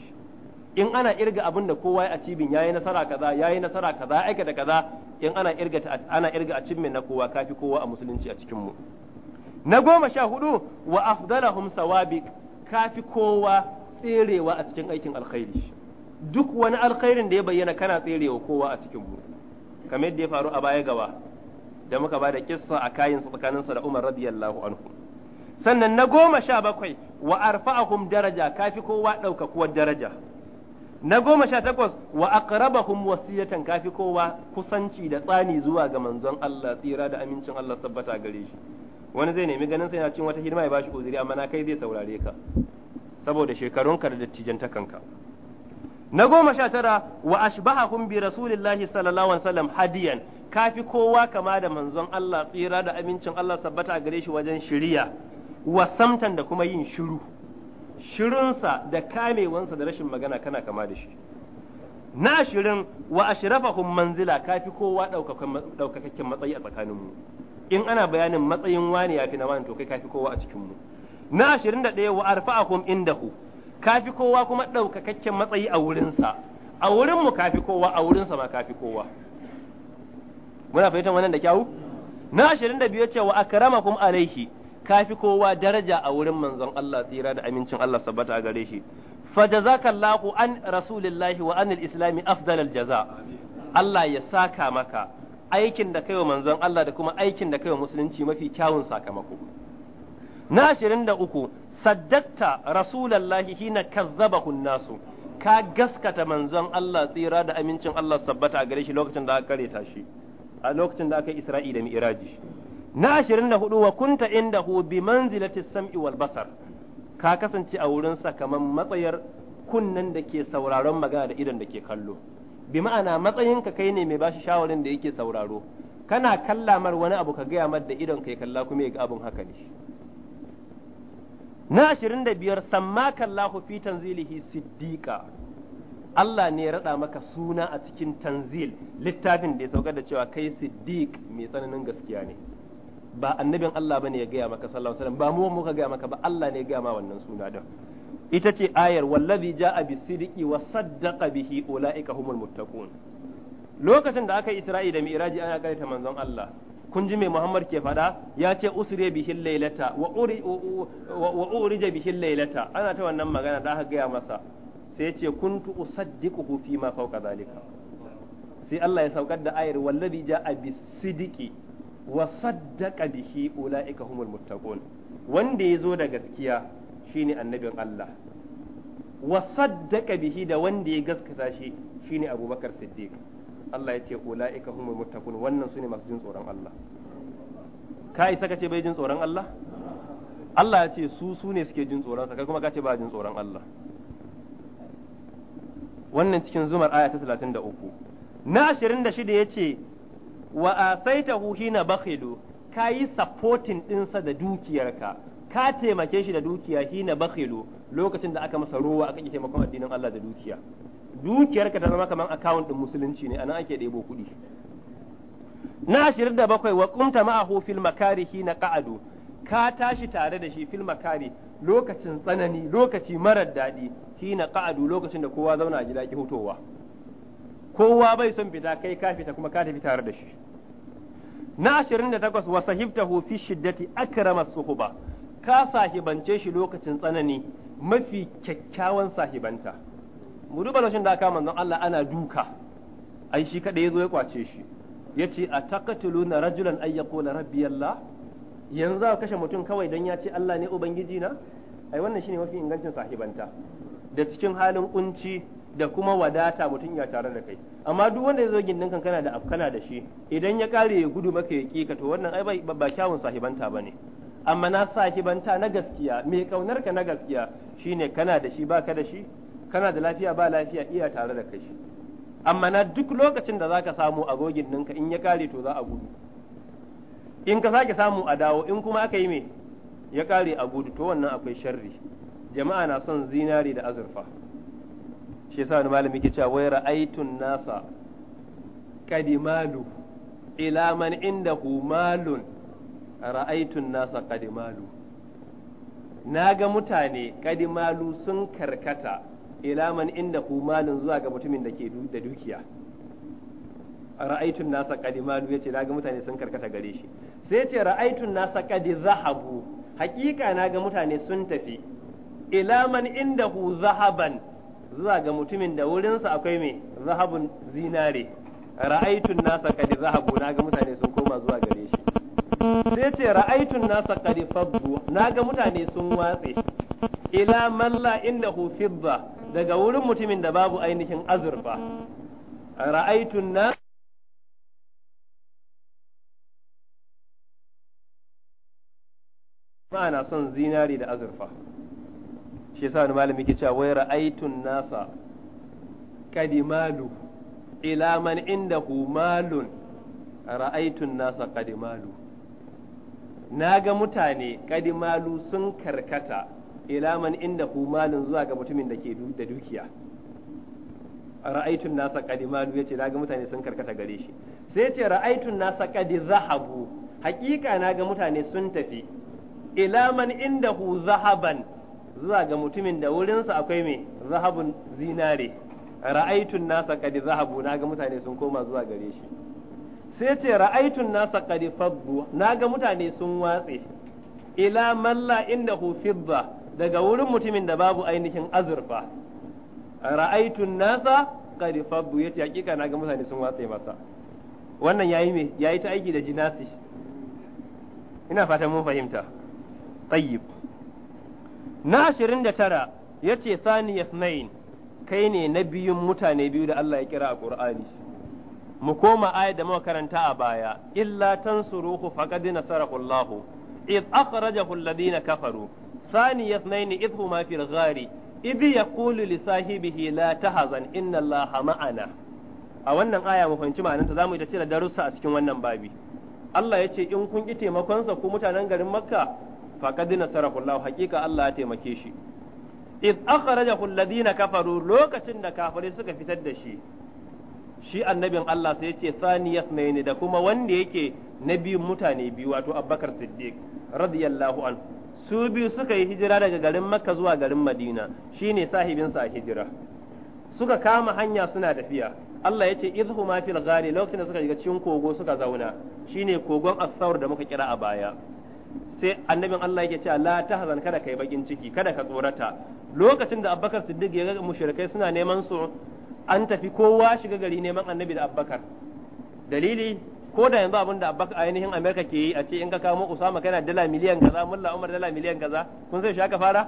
in ana irga abin da kowa ya achieving yayi nasara kaza yayi nasara kaza aikata kaza in ana irga ana irga achievement na kowa kafi kowa a musulunci a cikin mu na goma sha hudu wa afdalahum sawabiq kafi kowa tserewa a cikin aikin alkhairi duk wani alkhairin da ya bayyana kana tserewa kowa a cikin mu kamar yadda ya faru a baya gaba da muka ba da kissa a kayin tsakaninsa da Umar radiyallahu anhu sannan na goma sha bakwai wa arfa'ahum daraja kafi kowa ɗaukakuwar daraja na goma sha takwas wa aqrabahum wasiyatan kafi kowa kusanci da tsani zuwa ga manzon Allah tsira da amincin Allah tabbata gare shi wani zai nemi ganin sai yana cin wata hidima ya bashi uzuri amma na kai zai saurare ka saboda shekarunka da dattijan kanka na goma sha tara wa ashbahahum bi rasulillahi sallallahu alaihi wasallam hadiyan kafi kowa kama da manzon Allah tsira da amincin Allah tabbata gare shi wajen shiriya wasamtan da kuma yin shiru shirunsa da kamewansa da rashin magana kana kama da shi na shirin wa ashrafahum manzila kafi kowa daukakakken matsayi a tsakaninmu in ana bayanin matsayin wani yafi na wani to kai kafi kowa a cikin mu na ashirin da ɗaya wa arfa'ahum indahu kafi kowa kuma daukakakken matsayi a wurinsa a wurin mu kafi kowa a wurinsa ma kafi kowa muna fahimtar wannan da kyau na ashirin da biyu ce wa akramakum alaihi kafi kowa daraja a wurin manzon Allah tsira da amincin Allah sabbata a gare shi jazakallahu an rasulillahi wa anil islami afdalal jaza Allah ya saka maka aikin da kaiwa manzon Allah da kuma aikin da kaiwa musulunci mafi kyawun sakamako na ashirin da uku saddakta rasulallahi hina kazzabahu nasu ka gaskata manzon Allah tsira da amincin Allah sabbata a gare shi lokacin da aka kare shi a lokacin da aka Isra'i da Mi'raji na ashirin da hudu wa kunta inda hu bi manzilati sam'i wal basar ka kasance a wurin sa kaman matsayar kunnan da ke sauraron magana da idon da ke kallo bi ma'ana matsayinka kai ne mai bashi shawarin da yake sauraro kana kallamar wani abu ka gaya mar da idon kai kalla kuma ya ga abun haka ne na ashirin da biyar samma kallahu fi tanzilihi siddiqa Allah ne ya raɗa maka suna a cikin tanzil littafin da ya saukar da cewa kai siddiq mai tsananin gaskiya ne ba annabin Allah bane ya gaya maka sallallahu alaihi wasallam ba mu muka gaya maka ba Allah ne ya gaya ma wannan suna da ita ce ayar wallazi ja'a bisidqi wa saddaqa bihi ulaika humul muttaqun lokacin da aka yi Isra'i da Mi'raji ana karanta manzon Allah kun ji mai Muhammad ke faɗa ya ce usre bihi laylata wa urija bihi laylata ana ta wannan magana da aka gaya masa sai ya ce kuntu usaddiquhu fi ma fawqa zalika sai Allah ya saukar da ayar wallazi ja'a bisidqi wa saddaka bihi ulaika humul muttaqun wanda yazo da gaskiya shine annabin Allah wa saddaka bihi da wanda ya gaskata shi shine Abubakar Siddiq Allah ya ce ulaika humul muttaqun wannan sune masu jin tsoron Allah ka isa ce bai jin tsoron Allah Allah ya ce su su ne suke jin tsoron sa kai kuma kace ba jin tsoron Allah wannan cikin zumar aya ta 33 na 26 yace wa asaitahu hina bakhilu kayi supporting ɗinsa da dukiyarka ka taimake shi da dukiya hina bakhilu lokacin da aka masa ruwa aka ki taimakon addinin Allah da dukiya dukiyarka ta zama kamar account din musulunci ne anan ake debo kudi. na ashirin da bakwai wa kumta ma'ahu fil makari hina qa'adu ka tashi tare da shi fil makari lokacin tsanani lokaci marar daɗi hina qa'adu lokacin da kowa zauna a gida ki hutowa kowa bai son fita kai ka fita kuma ka tafi tare da shi na ashirin da takwas wa sahibtahu hofi shiddati akrama suhuba ka sahibance shi lokacin tsanani mafi kyakkyawan sahibanta mu duba lokacin da aka manzon Allah ana duka ai shi kada yazo ya kwace shi yace ataqatuluna rajulan ay yaqula rabbi Allah yanzu za kashe mutum kawai dan ya ce Allah ne ubangiji na ai wannan shine mafi ingancin sahibanta da cikin halin kunci da kuma wadata mutum ya tare da kai amma duk wanda ya zo gindin kan kana da afkana da shi idan ya kare ya gudu maka ya kika to wannan ai ba kyawun sahibanta bane amma na sahibanta na gaskiya mai kaunar ka na gaskiya shine kana da shi baka da shi kana da lafiya ba lafiya iya tare da kai amma na duk lokacin da zaka samu agogin ninka in ya kare to za a gudu in ka sake samu a dawo in kuma aka yi me ya kare a gudu to wannan akwai sharri jama'a na son zinari da azurfa shi yasa wani malami yake cewa wai ra'aitun nasa kadimalu ila man indahu malun ra'aitun nasa kadimalu na ga mutane kadimalu sun karkata ila man indahu malun zuwa ga mutumin da ke da dukiya ra'aitun nasa kadimalu yace na ga mutane sun karkata gare shi sai ce ra'aitun nasa kadi zahabu hakika na ga mutane sun tafi ila man indahu zahaban zuwa ga mutumin da wurinsa akwai mai zahabun zinare ra'aitun nasa kadi zahabu na ga mutane sun koma zuwa gare shi sai ce ra'aitun nasa kadi fabbu na ga mutane sun watse ila malla inda fidda daga wurin mutumin da babu ainihin azurfa ra'aitun na ma'ana son zinari da azurfa shi yasa wani malami ke cewa wai ra'aitun nasa kadimalu ila man indahu malun ra'aitun nasa kadimalu na ga mutane kadimalu sun karkata ila man indahu malun zuwa ga mutumin da ke da dukiya ra'aitun nasa kadimalu yace na ga mutane sun karkata gare shi sai yace ra'aitun nasa kadi zahabu hakika na ga mutane sun tafi ila man indahu zahaban zuwa ga mutumin da wurinsa akwai mai zahabun zinare ra'aitun nasa kadi zahabu na ga mutane sun koma zuwa gare shi sai ce ra'aitun nasa kadi fabbu na ga mutane sun watse ila malla inda fidda daga wurin mutumin da babu ainihin azurfa ra'aitun nasa kadi ya ce hakika na ga mutane sun watse masa wannan yayi me yayi ta aiki da jinasi ina fatan mun fahimta tayyib na ashirin da tara ya ce sani kai ne na biyun mutane biyu da Allah ya kira a Kur'ani. mu koma ayat da makaranta a baya illa tansuruhu faqad nasarahu Allah id akhrajahu alladhina kafaru ثاني اثنين إذ Ibi ya الغار إذ يقول لصاحبه ta hazan, inna laha ma'ana. a wannan aya mu fahimci za zamu ita ce da darussa a cikin wannan babi Allah ya ce in kun ƙi taimakonsa ku mutanen garin Makka faqad nasarahu Allah haqiqa Allah ya taimake shi iz akhrajahu alladhina kafaru lokacin da kafirai suka fitar da shi shi annabin Allah sai yace saniyat naini da kuma wanda yake na biyu mutane biyu wato Abubakar Siddiq radiyallahu anhu su biyu suka yi hijira daga garin Makka zuwa garin Madina shi ne sahibinsa a hijira suka kama hanya suna tafiya Allah ya ce idhuma fil ghari lokacin da suka shiga cikin kogo suka zauna shine kogon as da muka kira a baya sai annabin Allah yake cewa la tahzan kada kai bakin ciki kada ka tsorata lokacin da Abubakar Siddiq ya ga mushrikai suna neman su an tafi kowa shiga gari neman annabi da Abubakar dalili ko da yanzu abin da Abubakar ainihin America ke yi a ce in ka kamo Usama kana dala miliyan kaza mulla Umar dala miliyan kaza kun sai shi aka fara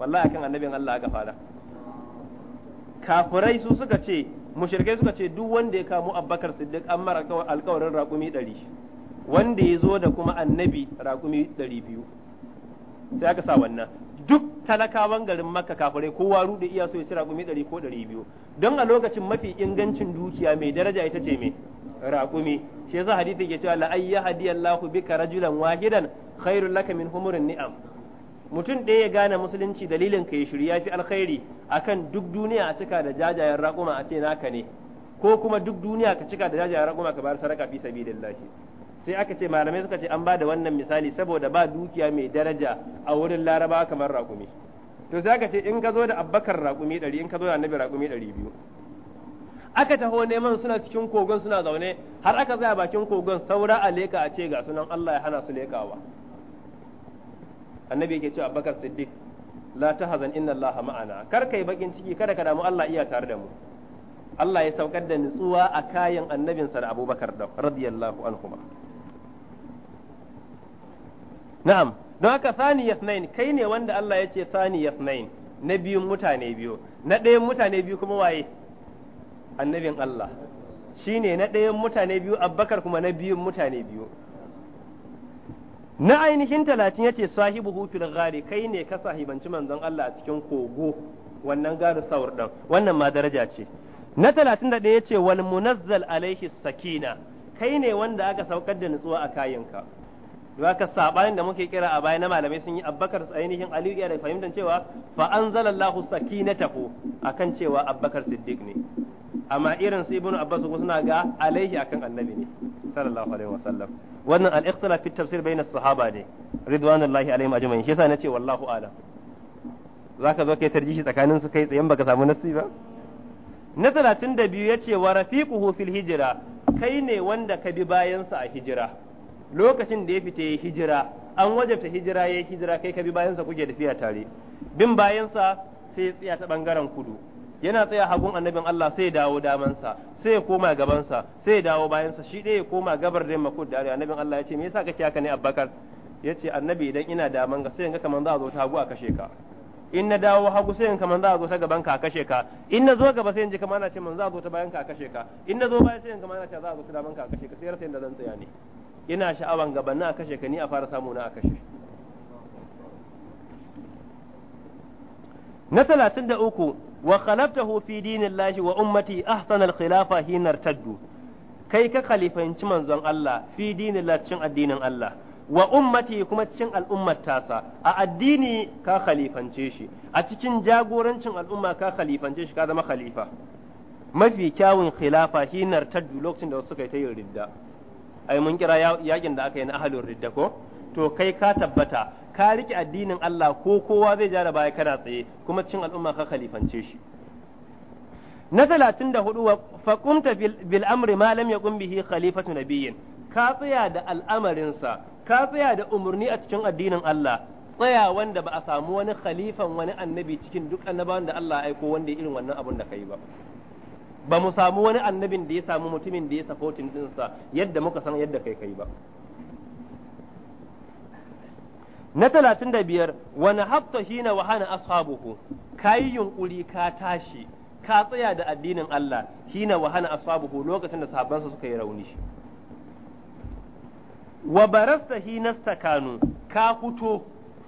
wallahi akan annabin Allah aka fara kafirai su suka ce mushrikai suka ce duk wanda ya kamo Abubakar Siddiq an mara alkawarin raƙumi ɗari wanda ya zo da kuma annabi raƙumi ɗari biyu sai aka sa wannan duk talakawan garin makka kafirai kowa ruɗe iya so ya ci raƙumi ɗari ko ɗari biyu don a lokacin mafi ingancin dukiya mai daraja ita ce mai raƙumi shi yasa hadisi ke cewa la'ai ya bi bika rajulan wahidan khairul laka min humurin ni'am mutum ɗaya ya gane musulunci dalilin ka ya shirya fi alkhairi akan duk duniya a cika da jajayen raƙuma a ce naka ne ko kuma duk duniya ka cika da jajayen raƙuma ka bar saraka fi sabilillahi sai aka ce malamai suka ce an ba da wannan misali saboda ba dukiya mai daraja a wurin laraba kamar raƙumi to sai aka ce in ka zo da abbakar raƙumi ɗari in ka zo da annabi raƙumi ɗari biyu aka taho neman suna cikin kogon suna zaune har aka tsaya bakin kogon saura a leka a ce ga sunan Allah ya hana su lekawa annabi yake cewa abbakar siddiq la tahzan inna Allah ma'ana kar kai bakin ciki kada ka damu Allah iya tare da mu Allah ya saukar da nutsuwa a kayan annabinsa da Abubakar da radiyallahu anhuma na'am don haka sani yasnain kai ne wanda Allah ya ce sani yasnain na biyun mutane biyu na ɗayan mutane biyu kuma waye annabin Allah shine na ɗayan mutane biyu abbakar kuma na biyun mutane biyu na ainihin talatin ya ce sahibu hufil gari kai ne ka sahibanci manzon Allah a cikin kogo wannan gari saur ɗan wannan ma daraja ce na talatin da ɗaya ya ce wal munazzal alaihi sakina kai ne wanda aka saukar da nutsuwa a kayanka haka sabanin da muke kira a baya na malamai sun yi abbakar ainihin aliyu ya da fahimtar cewa fa anzalallahu sakinatahu akan cewa abbakar siddiq ne amma irin su ibnu abbas ko suna ga alaihi akan annabi ne sallallahu alaihi wasallam wannan al-ikhtilaf fi tafsir bayna sahaba ne ridwanullahi alaihim ajma'in shi yasa nace wallahu alam zaka zo kai tarjishi tsakanin su kai tsayen baka samu nasi ba na 32 yace wa rafiquhu fil hijra kai ne wanda ka bi bayansa a hijira lokacin da ya fita ya hijira an wajabta hijira ya hijira kai ka bi bayansa kuke tafiya tare bin bayansa sai ya tsaya ta bangaren kudu yana tsaya hagun annabin Allah sai ya dawo damansa sai ya koma gabansa sai ya dawo bayansa shi ɗaya ya koma gabar da yamma kudu da annabin Allah ya ce me yasa kake haka ne abbakar ya ce annabi idan ina daman ga sai in ga kaman za a zo ta hagu a kashe ka in na dawo hagu sai in kaman za a zo ta gaban ka a kashe ka in na zo gaba sai in ji kaman ana ce man za a zo ta bayan ka a kashe ka in na zo bayan sai in kaman ana ce za a zo ta daman ka a kashe ka sai rasa inda zan tsaya ne ina sha'awan gabanin a kashe ka ni a fara samu na a kashe na talatin da uku wa khalaftahu fi lashi wa ummati ahsana al-khilafa hinar taddu kai ka khalifanci manzon Allah fi dinin cikin addinin Allah wa ummati kuma cikin al'ummar tasa a addini ka khalifance shi a cikin jagorancin al'umma ka khalifance shi ka zama khalifa mafi kyawun khilafa hinar taddu lokacin da wasu suka ta yin ridda ai mun kira yakin da aka yi na ahlur ridda ko to kai ka tabbata ka rike addinin Allah ko kowa zai jara baya kana tsaye kuma cin al'umma ka khalifance shi na talatin da hudu bil amri ma lam yaqum bihi khalifatu nabiyyin ka tsaya da al'amarinsa ka tsaya da umarni a cikin addinin Allah tsaya wanda ba a samu wani khalifan wani annabi cikin duk annabawan da Allah ya aiko wanda irin wannan abun da kai ba ba mu samu wani annabin da ya samu mutumin da ya sakotin dinsa yadda muka san yadda kai kai ba na talatin da biyar wani hafta shi na wahana ashabuhu ka yi yunƙuri ka tashi ka tsaya da addinin Allah shi na wahana ashabuhu lokacin da sahabbansa suka yi rauni wa barasta shi na ka fito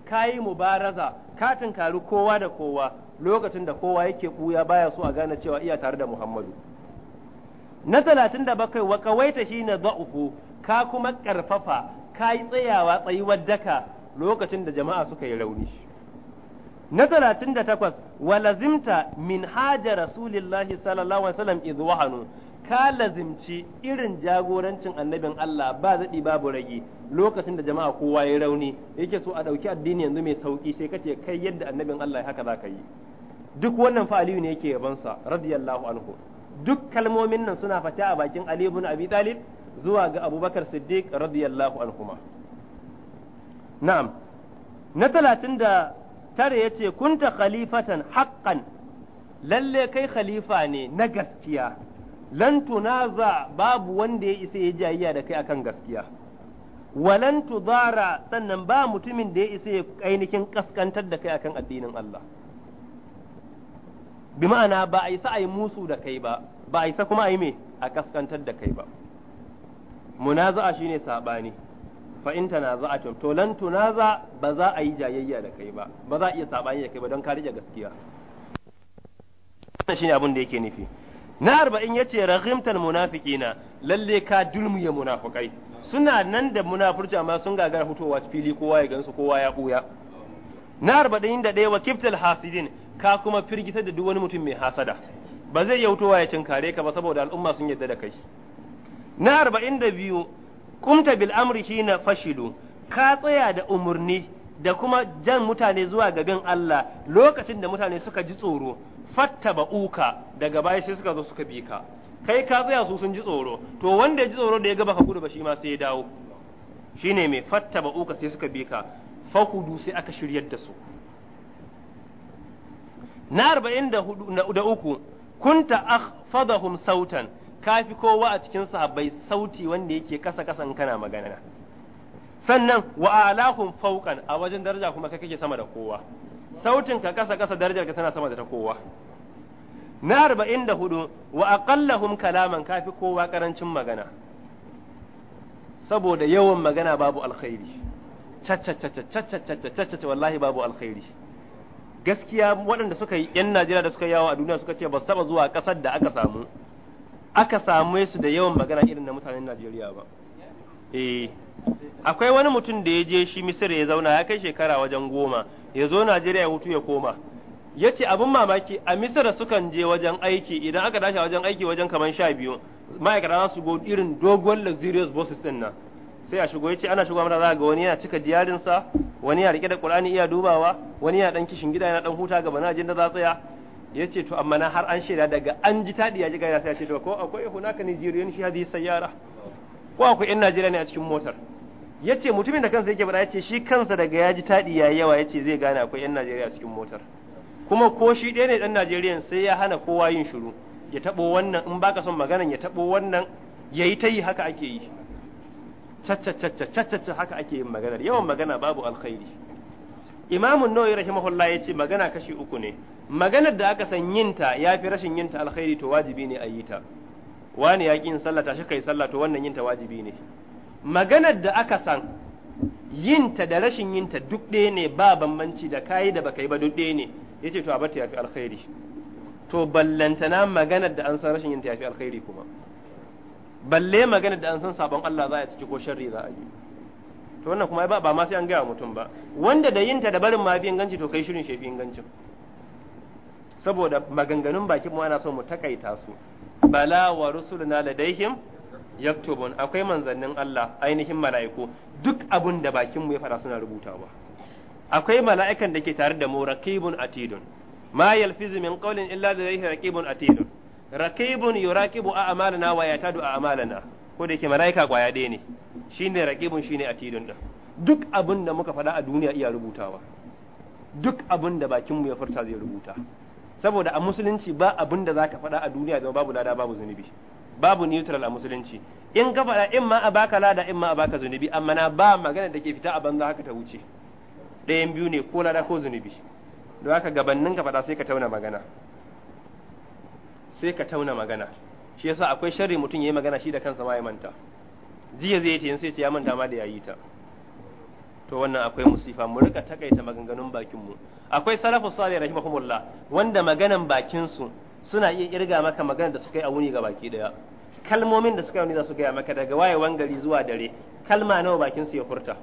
ka yi mubaraza ka tunkari kowa da kowa lokacin da kowa yake buya baya so a gane cewa iya tare da Muhammadu na talatin da bakwai wa kawaita shine da'uhu ka kuma karfafa ka yi tsayawa tsayuwar daka lokacin da jama'a suka yi rauni na talatin da takwas wa lazimta min haja rasulillahi sallallahu alaihi wasallam idh wahanu ka lazimci irin jagorancin annabin Allah ba zaɗi babu rage lokacin da jama'a kowa ya rauni yake so a ɗauki addini yanzu mai sauƙi sai kace kai yadda annabin Allah haka za ka yi duk wannan fa aliyu ne yake yabansa radiyallahu anhu duk kalmomin nan suna fata a bakin ali ibn abi talib zuwa ga abubakar siddiq radiyallahu anhuma na'am na talatin da tare yace kunta khalifatan haqqan lalle kai khalifa ne na gaskiya lan tunaza babu wanda ya isa ya jayayya da kai akan gaskiya walan tudara sannan ba mutumin da ya isa ya ainihin kaskantar da kai akan addinin Allah bi ma'ana ba a isa a yi musu da kai ba ba a isa kuma a yi me a kaskantar da kai ba munaza'a shine sabani fa in tanaza'a to lan tunaza ba za a yi jayayya da kai ba ba za a iya sabani da kai ba don ka rike gaskiya wannan shine abin da yake nufi na arba'in yace raghimtal munafiqina lalle ka dulmiya munafikai suna nan da munafurci amma sun gagara fitowa fili kowa ya gansu kowa ya buya na arba'in da ɗaya wa kiftal hasidin ka kuma firgitar da duk wani mutum mai hasada ba zai yautowa ya cinkare ka ba saboda al'umma sun yadda da kai na arba'in da biyu kumta bil amri na fashilu ka tsaya da umarni da kuma jan mutane zuwa ga bin Allah lokacin da mutane suka ji tsoro fatta ba'uka daga baya sai suka zo suka bi ka kai ka tsaya su sun ji tsoro to wanda ya ji tsoro da ya gaba ka gudu ba shi ma sai ya dawo shine mai fatta ba'uka sai suka bi ka fahudu sai aka shiryar da su na arba'in da uku kunta akhfadahum sautan ka fi kowa a cikin sahabbai sauti wanda yake kasa kasan kana magana sannan wa alahum fawqan a wajen daraja kuma kai kake sama da kowa sautin ka kasa kasa darajar ka tana sama da ta kowa na arba'in da hudu wa aqallahum kalaman fi kowa karancin magana saboda yawan magana babu alkhairi cacca cacca cacca cacca cacca wallahi babu alkhairi gaskiya waɗanda suka yi yan Najeriya da suka yawo a duniya suka ce ba su taba zuwa ƙasar da aka samu aka same su da yawan magana irin na mutanen Najeriya ba eh akwai wani mutum da ya je shi Misira ya zauna ya kai shekara wajen goma ya zo Najeriya ya hutu ya koma ya ce abin mamaki a Misira sukan je wajen aiki idan aka dashi wajen aiki wajen kamar sha biyu ma'aikata za su go irin doguwar luxurious buses din nan sai a shigo yace ana shigo mana za ga wani yana cika diyarinsa wani yana rike da Qur'ani iya dubawa wani yana dan kishin gida yana dan huta gaba na jin da za tsaya yace to amma na har an shaida daga an ji tadi ya ji gaira sai ya ce to ko akwai hunaka Nigerian shi hadi sayyara ko akwai in Najeriya ne a cikin motar yace mutumin da kansa yake bada yace shi kansa daga ya ji tadi yayi yawa yace zai gane akwai in Najeriya a cikin motar kuma ko shi ɗaya ne dan Najeriya sai ya hana kowa yin shiru ya tabo wannan in baka son maganan ya tabo wannan yayi tayi haka ake yi cacca haka ake yin maganar yawan magana babu alkhairi imamun nawawi rahimahullah ya ce magana kashi uku ne maganar da aka san yinta ya fi rashin yinta alkhairi to wajibi ne a yi ta wani ya yin sallah tashi kai sallah to wannan yinta wajibi ne maganar da aka san yinta da rashin yinta duk ɗaya ne ba bambanci da kayi da baka yi ba duk ɗaya ne ce to a bata ya fi alkhairi to ballantana maganar da an san rashin yinta ya fi alkhairi kuma balle magana da an san sabon Allah za a ciki ko sharri za a yi to wannan kuma ba ba ma sai an gaya mutum ba wanda da yinta da barin ma bi inganci to kai shirin shefi ingancin saboda maganganun bakin mu ana so mu takaita su bala wa rusuluna ladaihim yaktubun akwai manzannin Allah ainihin mala'iku duk abun da bakin mu ya fara suna rubutawa akwai mala'ikan da ke tare da mu raqibun atidun ma yalfizu min qawlin illa ladaihi raqibun atidun rakibun yuraqibu a'malana wa yatadu a'malana ko da yake malaika kwaya ɗaya ne shine raqibun shine atidun din duk abin da muka faɗa a duniya iya rubutawa duk abin da bakin mu ya furta zai rubuta saboda a musulunci ba abin da zaka faɗa a duniya zama babu lada babu zunubi babu neutral a musulunci in ka faɗa in ma a baka lada in ma a baka zunubi amma na ba magana da ke fita a banza haka ta wuce ɗayan biyu ne ko lada ko zunubi don haka gabanin ka fada sai ka tauna magana sai ka tauna magana shi yasa akwai sharri mutum yayi magana shi da kansa ma ya manta jiya zai yi sai ce ya manta ma da yayi ta to wannan akwai musifa mu rika takaita maganganun bakin mu akwai salafu salih rahimahumullah wanda maganan bakin su suna iya kirga maka maganar da suka yi a wuni ga baki daya kalmomin da suka yi za su gaya maka daga wayewan gari zuwa dare kalma nawa bakin su ya furta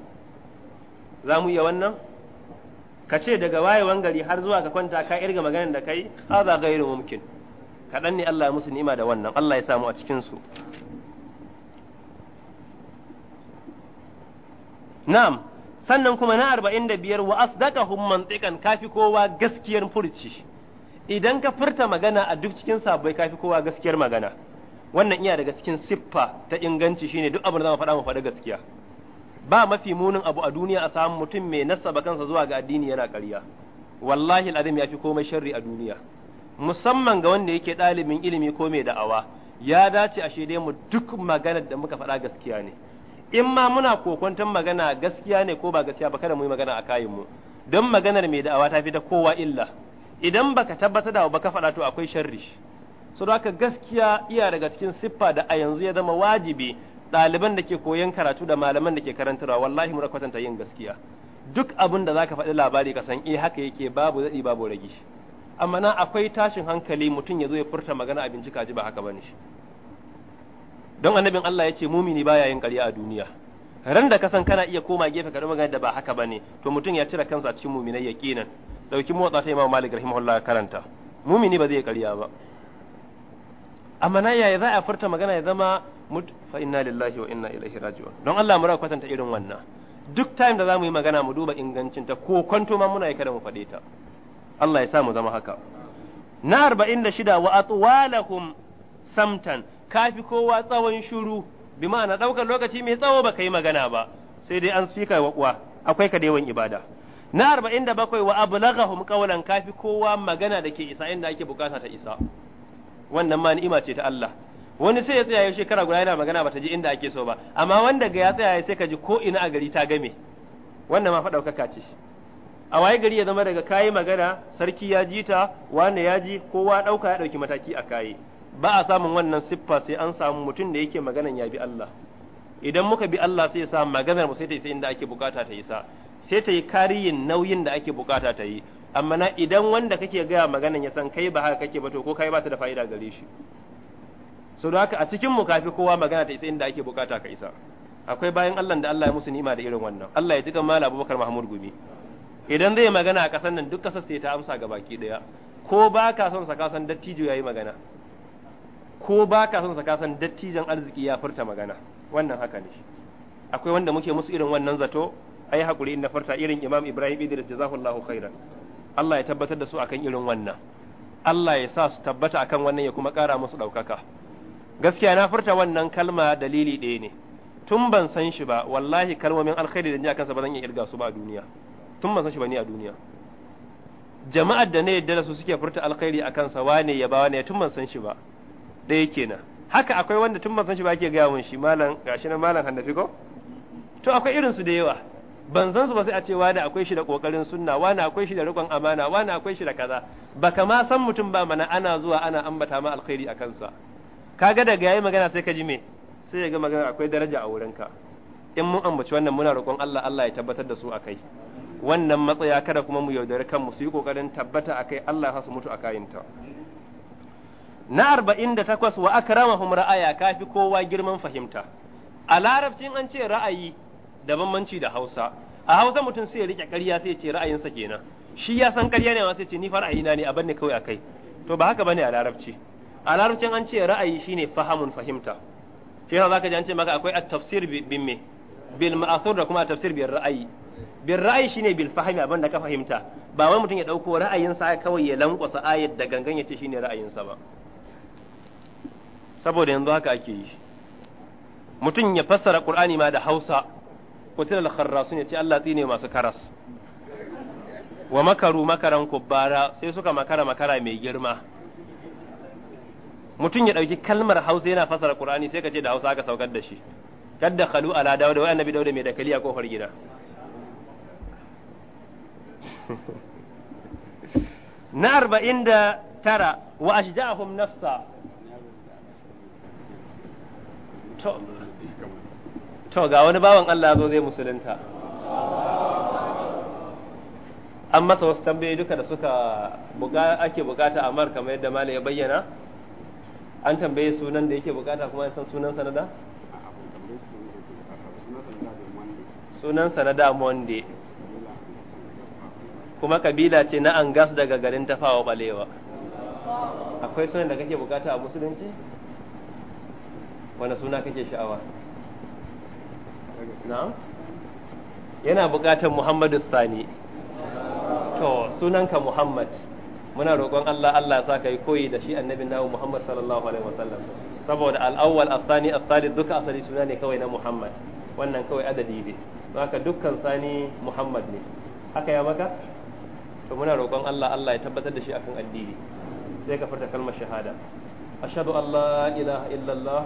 za mu iya wannan ka ce daga wayewan gari har zuwa ka kwanta ka irga maganar da kai haza ghairu mumkin kaɗan ne Allah ya musu ni'ima da wannan Allah ya samu a cikinsu na'am sannan kuma na arba'in da biyar wa asdaqahum mantiqan kafi kowa gaskiyar furci idan ka furta magana a duk cikin sabbai kafi kowa gaskiyar magana wannan iya daga cikin siffa ta inganci shine duk abin da mu faɗa mu faɗa gaskiya ba mafi munin abu a duniya a samu mutum mai nasaba kansa zuwa ga addini yana ƙarya wallahi al'adam ya fi komai sharri a duniya musamman ga wanda yake ɗalibin ilimi ko mai da'awa ya dace a dai mu duk maganar da muka faɗa gaskiya ne in ma muna kokwanton magana gaskiya ne ko ba gaskiya ba kada mu yi magana a kayan mu don maganar mai da'awa ta fi ta kowa illa idan baka tabbatar da ba ka faɗa to akwai sharri so haka gaskiya iya daga cikin siffa da a yanzu ya zama wajibi ɗaliban da ke koyon karatu da malaman da ke karantarwa wallahi mu kwatanta yin gaskiya duk abin da zaka faɗi labari ka san eh haka yake babu zaɗi babu ragi amma na akwai tashin hankali mutum ya zo ya furta magana a bincika ji ba haka bane shi don annabin Allah ya ce mumini baya yin ƙarya a duniya ran da ka san kana iya koma gefe ka magana da ba haka bane to mutum ya cire kansa cikin muminai yaqinan dauki motsa ta Imam Malik rahimahullah karanta mumini ba zai ƙarya ba amma na yaya za a furta magana ya zama fa inna lillahi wa inna ilaihi raji'un don Allah mu ra kwatanta irin wannan duk time da za mu yi magana mu duba ingancinta ko kwanto ma muna yi kada mu faɗe ta Allah ya sa mu zama haka na arba'in da shida wa atwalahum samtan kafi kowa tsawon shuru bi ma'ana ɗaukar lokaci mai tsawo baka yi magana ba sai dai an spika wa kuwa akwai ka wani ibada na arba'in da bakwai wa ablaghahum qawlan kafi kowa magana da ke isa inda ake bukata ta isa wannan ma ni'ima ce ta Allah wani sai ya tsaya ya shekara guda yana magana ba ta ji inda ake so ba amma wanda ga ya tsaya sai ka ji ko ina a gari ta game wannan ma fa ɗaukaka ce a waye gari ya zama daga kayi magana sarki ya ji ta wane ya ji kowa ɗauka ya ɗauki mataki a kayi ba a samun wannan siffa sai an samu mutum da yake maganan ya bi Allah idan muka bi Allah sai ya sa maganar mu sai ta isa inda ake bukata ta isa sai ta yi kariyin nauyin da ake bukata ta yi amma na idan wanda kake gaya maganan ya san kai ba haka kake ba to ko kai ba ta da fa'ida gare shi so da haka a cikin mu kafi kowa magana ta isa inda ake bukata ka isa akwai bayan Allah da Allah ya musu ni'ima da irin wannan Allah ya ji kan Malam Abubakar Mahmud Gumi idan zai magana a ƙasar nan duk ƙasar sai ta amsa ga baki ɗaya ko ba ka son sa kasan dattijo yayi magana ko ba ka son sa kasan dattijan arziki ya furta magana wannan haka ne akwai wanda muke musu irin wannan zato ai hakuri inda furta irin Imam Ibrahim Idris jazahullahu khairan Allah ya tabbatar da su akan irin wannan Allah ya sa su tabbata akan wannan ya kuma ƙara musu ɗaukaka gaskiya na furta wannan kalma dalili ɗaya ne tun ban san shi ba wallahi kalmomin alkhairi da ni akan sa ba zan iya kirga su ba a duniya tun ban san shi bane a duniya jama'ar da na yadda da su suke furta alkhairi a kansa wane ya ba wane tun ban san shi ba ɗaya kenan haka akwai wanda tun ban san shi ba ke gaya mun shi malam gashi na malam hannafi ko to akwai irin su da yawa ban san su ba sai a ce wani akwai shi da kokarin sunna wani akwai shi da rikon amana wani akwai shi da kaza baka ma san mutum ba mana ana zuwa ana ambata ma alkhairi a kansa kaga daga yayi magana sai ka ji me sai ya ga magana akwai daraja a wurinka in mun ambaci wannan muna roƙon Allah Allah ya tabbatar da su akai wannan matsaya kada kuma mu yaudari kanmu su yi kokarin tabbata akai Allah ya su mutu a kayinta na arba'in da takwas wa akramahum ra'aya kafi kowa girman fahimta a larabcin an ce ra'ayi da bambanci da hausa a hausa mutum sai ya rike karya sai ya ce ra'ayinsa kenan shi ya san ƙarya ne ma sai ce ni fa ra'ayina ne a banne kawai akai to ba haka bane a larabci a larabcin an ce ra'ayi shine fahamun fahimta shi yasa zaka ji an ce maka akwai at-tafsir bin me bil ma'thur da kuma at-tafsir biyar ra'ayi Bin ra'ayi shine bil fahimi abin da ka fahimta ba wai mutum ya dauko ra'ayinsa kawai ya lankwasa ayat da gangan ya ce shine ra'ayinsa ba saboda yanzu haka ake yi mutum ya fassara qur'ani ma da Hausa kutil al-kharrasun yace Allah tsine masu karas wa makaru makaran kubbara sai suka makara makara mai girma mutum ya ɗauki kalmar Hausa yana fassara Qur'ani sai ka ce da Hausa aka saukar da shi kadda khalu ala dawda wa annabi dawda mai dakali a kofar gida na arba'in da tara wa ashja'ahum nafsa to to ga wani bawan Allah zo zai musulunta an masa wasu tambayoyi duka da suka ake bukata a mar kamar yadda mali ya bayyana an tambaye sunan da yake bukata kuma ya san sunan sanada sunan sanada monday kuma kabila ce na angas daga garin tafawa balewa akwai sunan da kake bukata a musulunci wani suna kake sha'awa na yana bukatar muhammadu sani to sunanka muhammad muna roƙon Allah Allah sa ka yi koyi da shi annabin nawo Muhammad sallallahu alaihi wasallam saboda al'awwal asani as-sani duka asali suna ne kawai na Muhammad wannan kawai adadi ne haka dukkan sani Muhammad ne haka ya maka to muna roƙon Allah Allah ya tabbatar da shi akan addini sai ka furta kalmar shahada ashhadu an la ilaha illallah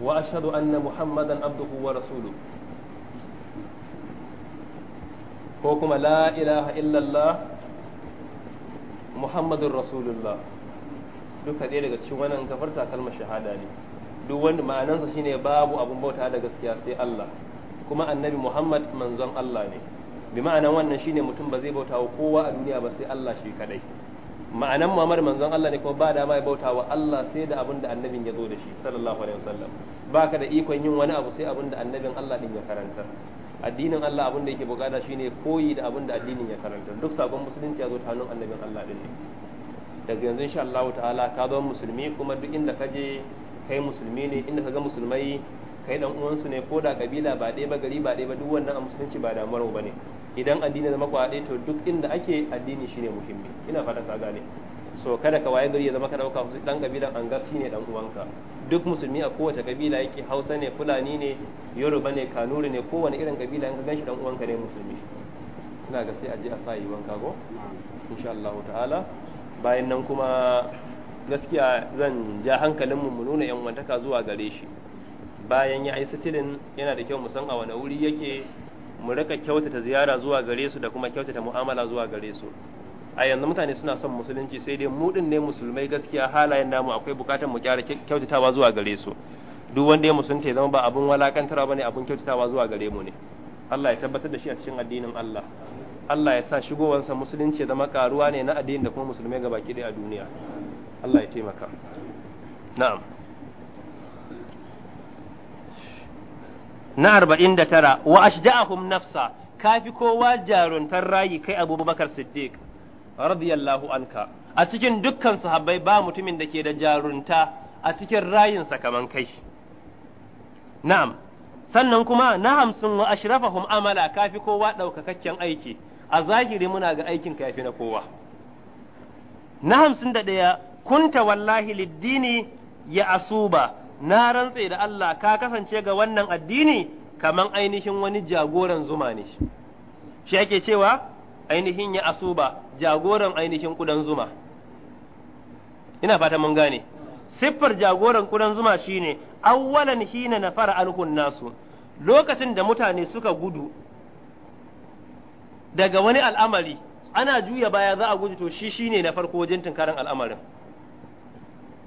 wa ashhadu anna muhammadan abduhu wa rasuluhu ko kuma la ilaha illallah muhammadun rasulullah duka ɗaya daga cikin wannan furta kalmar shahada ne duk wanda ma'anansa shine babu abun bauta da gaskiya sai Allah kuma annabi muhammad manzon Allah ne bi ma'anan wannan shine mutum ba zai bautawa kowa a duniya ba sai Allah shi kadai ma'anan Muhammad manzon Allah ne kuma ba dama ya bautawa Allah sai da abin annabin ya zo da shi sallallahu alaihi wasallam baka da ikon yin wani abu sai abin da annabin Allah din ya karanta addinin Allah abin da yake bukata shine koyi da abin da addinin ya karanta duk sabon musulunci ya zo ta hannun annabin Allah din ne daga yanzu insha Allah ta'ala ka zo musulmi kuma duk inda ka je kai musulmi ne inda ka ga musulmai kai dan uwansu ne ko da kabila ba ɗaya ba gari ba ɗaya ba duk wannan a musulunci ba damuwar mu bane idan addini zama kwa ɗaya to duk inda ake addini shine muhimmi ina fatan ka gane so kada ka waye gari ya zama ka dauka dan kabilan ga shine dan uwanka duk musulmi a kowace kabila yake Hausa ne Fulani ne Yoruba ne Kanuri ne kowane irin kabila in ka ganshi dan uwanka ne musulmi ina ga sai a je a sa yi wanka go insha Allah ta'ala bayan nan kuma gaskiya zan ja hankalinmu mu nuna yan wantaka zuwa gare shi bayan ya yi sitilin yana da kyau mu san a wani wuri yake mu rika kyautata ziyara zuwa gare su da kuma kyautata mu'amala zuwa gare su a yanzu mutane suna son musulunci sai dai mu din ne musulmai gaskiya halayen namu akwai bukatar mu kyara kyautatawa zuwa gare su duk wanda ya musulunta ya zama ba abun walakantarwa bane abun kyautatawa zuwa gare mu ne Allah ya tabbatar da shi a cikin addinin Allah Allah ya sa shigowansa musulunci ya zama karuwa ne na addini da kuma musulmai gaba ɗaya a duniya Allah ya taimaka na'am na arba'in da tara wa ashja'ahum nafsa kafi kowa jaruntar rayi kai abubakar siddiq radiyallahu anka a cikin dukkan sahabbai ba mutumin da ke da jarunta a cikin rayinsa kaman kai na'am sannan kuma na hamsin wa ashrafahum amala kafi kowa ɗaukakakken aiki a zahiri muna ga aikin kafi na kowa na hamsin da ɗaya kunta wallahi liddini ya asuba na rantse da Allah ka kasance ga wannan addini kaman ainihin wani jagoran zuma ne shi ake cewa ainihin ya asuba jagoran ainihin kudan zuma ina fata mun gane siffar jagoran kudan zuma shine awwalan hina na fara alhun nasu lokacin da mutane suka gudu daga wani al'amari ana juya baya za a guji to shi shine na farko wajen karan al'amarin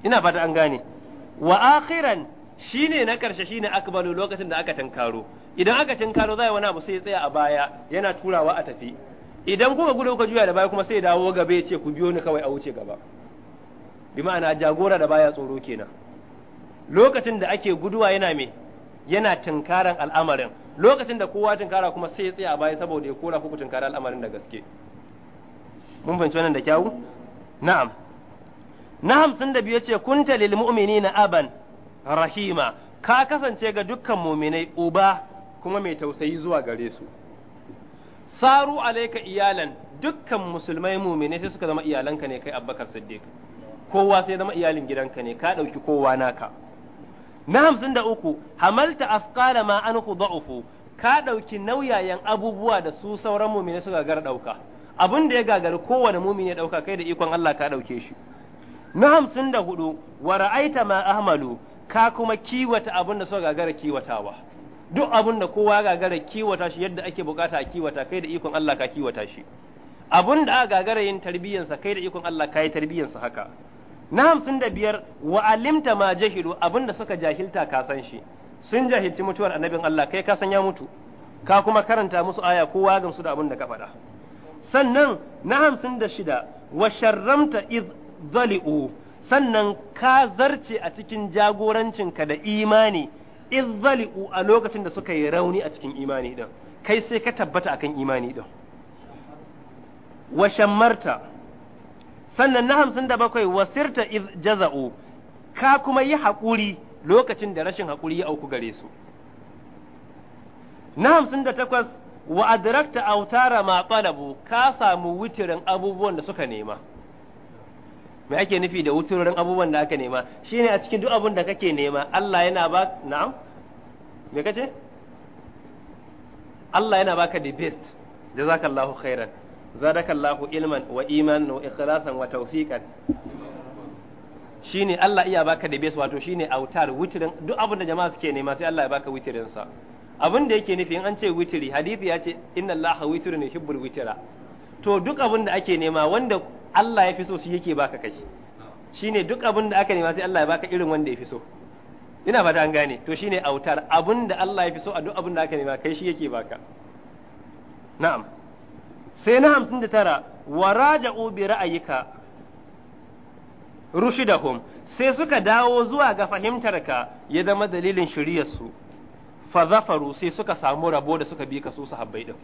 ina fata an gane wa akhiran shine na karshe shine akbalu lokacin da aka tinkaro idan aka tinkaro zai wani abu sai ya tsaya a baya yana turawa a tafi idan kuka gudu kuka juya da baya kuma sai dawo gaba ya ce ku biyo ni kawai a wuce gaba bi ma'ana jagora da baya tsoro kenan lokacin da ake guduwa yana me yana tinkaran al'amarin lokacin da kowa tinkara kuma sai ya tsaya a baya saboda ya kora ku tinkara al'amarin da gaske mun fahimci wannan da kyawu na'am na hamsin da biyu ce kunta lil mu'minina aban rahima ka kasance ga dukkan muminai uba kuma mai tausayi zuwa gare su saru alaika iyalan dukkan musulmai muminai sai suka zama iyalanka ne kai abbakar siddiq kowa sai zama iyalin gidanka ne ka ɗauki kowa naka na hamsin da uku hamalta afqala ma an da'ufu ka ɗauki nauyayen abubuwa da su sauran muminai suka gar ɗauka abin da ya gagari kowane mumini ya ɗauka kai da ikon Allah ka ɗauke shi na hamsin da hudu wa ra'aita ma ahmalu ka kuma kiwata abin da suka gagara kiwatawa duk abin da kowa gagara kiwata shi yadda ake bukata a kiwata kai da ikon Allah ka kiwata shi abin da aka gagara yin tarbiyyansa kai da ikon Allah ka yi tarbiyyansa haka na hamsin da biyar wa alimta ma jahilu abin da suka jahilta ka san shi sun jahilci mutuwar annabin Allah kai ka san ya mutu ka kuma karanta musu aya kowa gamsu da abin da ka faɗa sannan na hamsin da shida wa sharramta iz dhali'u sannan ka zarce a cikin jagorancinka da imani dhali'u a lokacin da suka yi rauni a cikin imani din kai sai ka tabbata akan imani din wa shammarta sannan na hamsin da bakwai wasirta iz jaza'u ka kuma yi haƙuri lokacin da rashin haƙuri ya auku gare su na hamsin da takwas wa adrakta autara ma ka samu witirin abubuwan da suka nema me ake nufi da wuturorin abubuwan da aka nema shine a cikin duk abun da kake nema Allah yana ba na'am me kace Allah yana baka the best jazakallahu khairan zadakallahu ilman wa imanan wa ikhlasan wa tawfiqan shine Allah iya baka the best wato shine autar wuturin duk abin da jama'a suke nema sai Allah ya baka wuturin sa abin da yake nufi in an ce wuturi hadisi ya ce inna Allah witrun yuhibbul witra to duk abin da ake nema wanda Allah ya fi so shi yake baka kai shine duk abin da aka nema sai Allah ya baka irin wanda ya fi so ina fata an gane to shine autar abin da Allah ya fi so a duk abin da aka nema kai shi yake baka na'am sai na hamsin da tara wa raja'u bi ra'ayika rushidahum sai suka dawo zuwa ga fahimtarka ya zama dalilin su fa zafaru sai suka samu rabo da suka bi ka su sahabbai din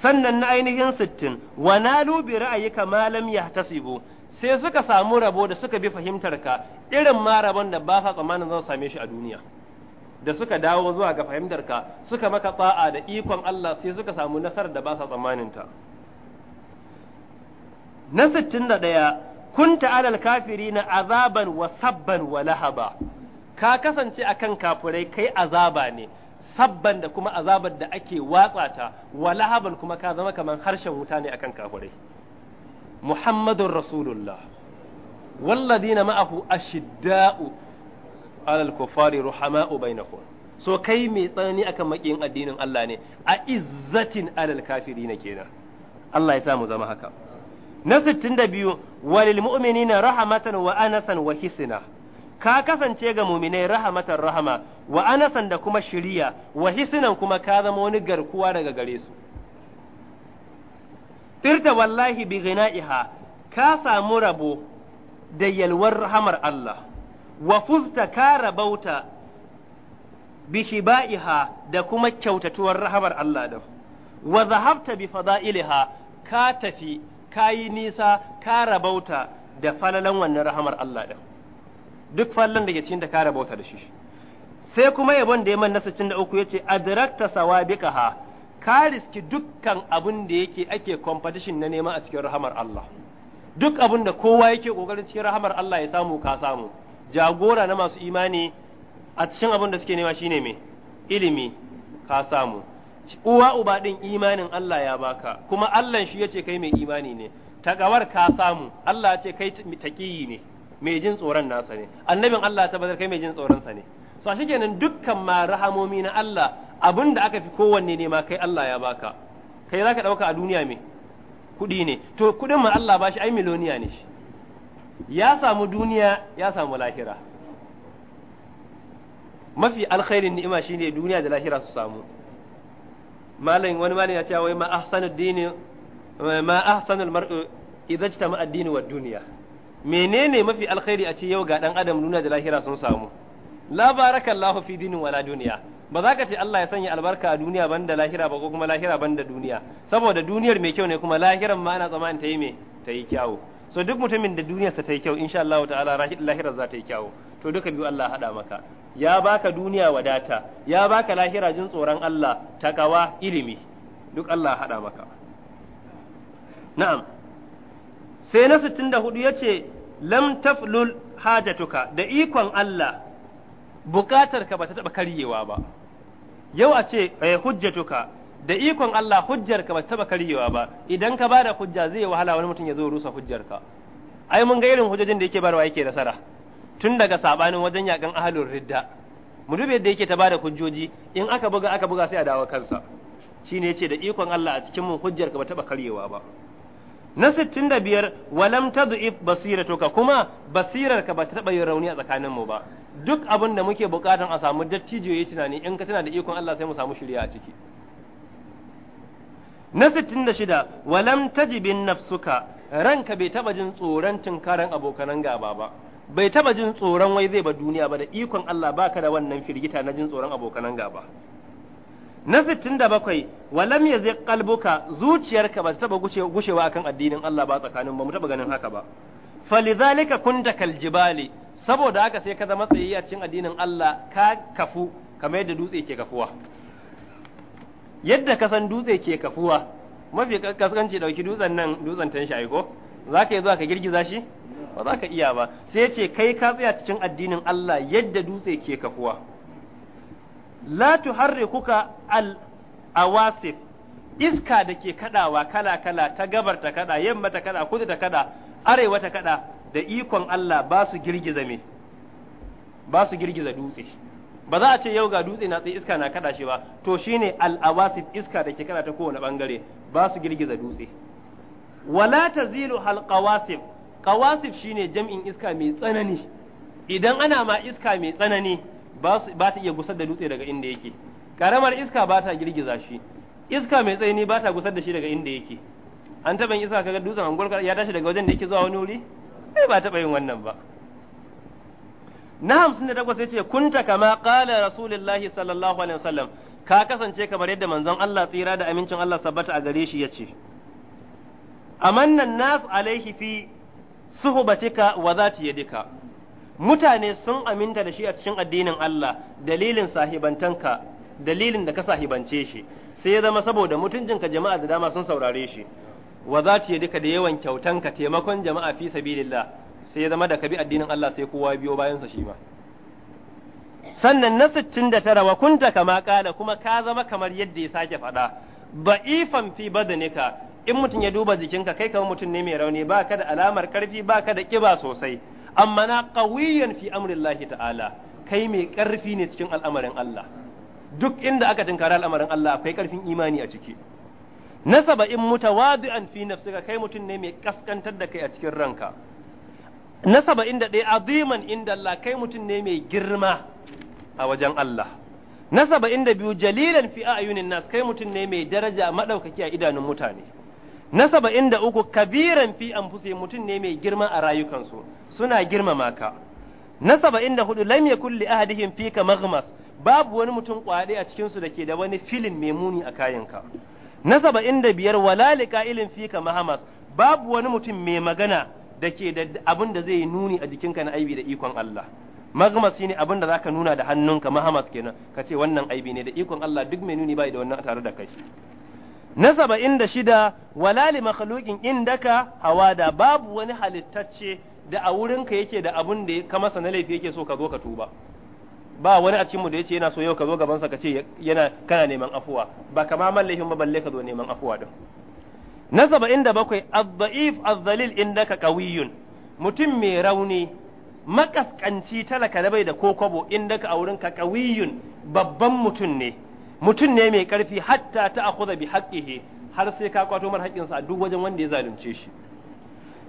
sannan na ainihin sittin wa nalu bi ra'ayika ma lam yahtasibu sai suka samu rabo da suka bi fahimtar ka irin ma rabon da ba ka tsammanin zan same shi a duniya da suka dawo zuwa ga fahimtar suka maka tsa'a da ikon Allah sai suka samu nasarar da ba sa tsammanin ta na sittin da kun kunta alal na azaban wa sabban wa lahaba ka kasance akan kafurai kai azaba ne sabban da kuma azabar da ake watsa ta walahaban kuma ka zama kaman harshen wuta ne akan kafirai muhammadun rasulullah walladina ma'ahu ashidda'u alal kufari ruhama'u bainakum so kai mai tsanani akan makiyin addinin Allah ne a izzatin alal kafirina kenan Allah ya sa mu zama haka na 62 walil mu'minina rahmatan wa anasan wa hisna ka kasance ga muminai rahmatar rahama wa anasan da kuma shiriya wa hisinan kuma ka zama wani garkuwa daga gare su tirta wallahi bi ghina'iha ka samu rabo da yalwar rahamar Allah wa fuzta ka rabauta bi shiba'iha da kuma kyautatuwar rahamar Allah da wa zahabta bi fada'iliha ka tafi kayi nisa ka rabauta da falalan wannan rahamar Allah da duk fallan da ke cikin da ka bauta da shi sai kuma yabon da ya man nasa cin da uku yace adrakta sawabiqaha ka riski dukkan abun da yake ake competition na nema a cikin rahamar Allah duk abun da kowa yake kokarin cikin rahamar Allah ya samu ka samu jagora na masu imani a cikin abun da suke nema shine me ilimi ka samu uwa uba din imanin Allah ya baka kuma Allah shi yace kai mai imani ne takawar ka samu Allah ya ce kai taqiyi ne mai jin tsoron nasa ne annabin Allah ta bazar kai mai jin tsoron sa ne so kenan dukkan ma rahamomi na Allah abin da aka fi kowanne ne ma kai Allah ya baka kai zaka dauka a duniya me kudi ne to kudin ma Allah ba shi ai miloniya ne shi ya samu duniya ya samu lahira mafi alkhairin ni'ima shine duniya da lahira su samu malam wani malam ya ce wai ma ahsanud dini ma ahsanul mar'u idza jtama ad-din wad-dunya menene mafi alkhairi a ce yau ga dan adam nuna da lahira sun samu la barakallahu fi dinin wala duniya ba za ka ce Allah ya sanya albarka a duniya banda lahira ba ko kuma lahira banda duniya saboda duniyar mai kyau ne kuma lahiran ma ana tsammanin ta yi me ta yi kyawu so duk mutumin da duniyarsa ta yi kyau insha Allah ta'ala lahirar za ta yi kyawu to duka biyu Allah haɗa maka ya baka duniya wadata ya baka lahira jin tsoron Allah takawa ilimi duk Allah haɗa maka na'am sai na ya ce lam taflul hajatuka da ikon Allah bukatarka ba ta taba karyewa ba yau a ce eh, hujjatuka da ikon Allah hujjarka ba ta taba karyewa ba idan ka bada hujja zai yi wahala wani mutum ya zo rusa hujjarka ai mun ga irin hujjojin da yake barwa yake nasara tun daga sabanin wajen yakan ahalun ridda mu dube da yake ta bada hujjoji in aka buga aka buga sai a dawo kansa shine yace da ikon Allah a cikin mun hujjarka ba ta taba karyewa ba na 65 walam tad'if basiratuka kuma basirarka ba ta taba yin rauni a tsakanin mu ba duk abin da muke buƙatan a samu dattijo yayi tunani in ka tana da ikon Allah sai mu samu shirya a ciki na 66 walam tajibin nafsuka ranka bai taba jin tsoron tunkaran abokanan gaba ba bai taba jin tsoron wai zai ba duniya ba da ikon Allah baka da wannan firgita na jin tsoron abokanan gaba na 67 walam yazi qalbuka zuciyarka ba ta taba gushewa akan addinin Allah ba tsakanin ba mu taba ganin haka ba falizalika kunta kaljibali saboda haka sai ka zama tsayi a cikin addinin Allah ka kafu kamar yadda dutse ke kafuwa yadda ka san dutse ke kafuwa mafi kaskanci dauki dutsen nan dutsen tan shi ko zaka yi zuwa ka girgiza shi ba za ka iya ba sai ce kai ka tsaya cikin addinin Allah yadda dutse ke kafuwa la tuharrikuka al awasif iska da ke kadawa kala kala ta gabar ta kada yamma ta kada kudu ta kada arewa ta kada da ikon Allah ba su girgiza me ba su girgiza dutse ba za a ce yau ga dutse na tsaye iska na kada shi ba to shine al awasif iska da ke kada ta kowane bangare ba su girgiza dutse wala tazilu hal qawasif qawasif shine jam'in iska mai tsanani idan ana ma iska mai tsanani ba ta iya gusar da dutse daga inda yake karamar iska ba ta girgiza shi iska mai tsaini ba ta gusar da shi daga inda yake an taɓa yin iska kaga dutsen angol ya tashi daga wajen da yake zuwa wani wuri sai eh, ba taɓa yin wannan ba na hamsin da takwas ya ce kun ta kama ƙala rasulullahi sallallahu alaihi wasallam ka kasance kamar yadda manzon Allah tsira da amincin Allah sabbata a gare shi ya ce amannan nas alaihi fi suhubatika wa zati yadika mutane sun aminta da shi a cikin addinin Allah dalilin sahibantanka dalilin da ka sahibance shi sai ya zama saboda mutuncinka jama'a da dama sun saurare shi wa za ta duka da yawan ka taimakon jama'a fi sabilillah sai ya zama da ka bi addinin Allah sai kowa biyo bayan sa shi ma sannan na 69 wa kunta kama kala kuma ka zama kamar yadda ya sake faɗa da'ifan fi badanika in mutum ya duba jikinka kai kamar mutum ne mai rauni ba ka da alamar karfi ba ka da kiba sosai amma na qawiyan fi amrin Allah ta'ala kai mai karfi ne cikin al'amarin Allah duk inda aka tinkari al'amarin Allah akwai karfin imani a ciki na saba'in mutawadi'an fi nafsika kai mutum ne mai kaskantar da kai a cikin ranka na saba'in da ɗaya aziman inda Allah kai mutum ne mai girma a wajen Allah na saba'in da biyu jalilan fi ayunin nas kai mutum ne mai daraja maɗaukaki a idanun mutane na saba'in da uku kabiran fi anfusi mutum ne mai girma a rayukansu suna girmama ka na saba'in da hudu lam yakun li ahadihim fika maghmas babu wani mutum kwaɗe a cikin su dake da wani filin mai muni a kayanka na saba'in da biyar wala liqa'ilin fika mahamas babu wani mutum mai magana dake da abin da zai nuni a jikinka na aibi da ikon Allah maghmas shine abin da zaka nuna da hannunka mahamas kenan kace wannan aibi ne da ikon Allah duk mai nuni bai da wannan tare da kai na saba'in da shida walali makhluqin indaka hawada babu wani halittacce da a wurinka yake da abun da ka masa na laifi yake so ka zo ka tuba ba wani a cikinmu mu da yace yana so yau ka zo gaban sa ka ce yana kana neman afuwa ba kama man laifin ba balle ka zo neman afuwa din na 77 ad-da'if ad in indaka qawiyyun mutum mai rauni makaskanci talaka da bai da kokobo indaka a wurin ka qawiyyun babban mutum ne mutum ne mai karfi hatta ta akhudha bi haqqihi har sai ka kwato mar haƙƙinsa a duk wajen wanda ya zalunce shi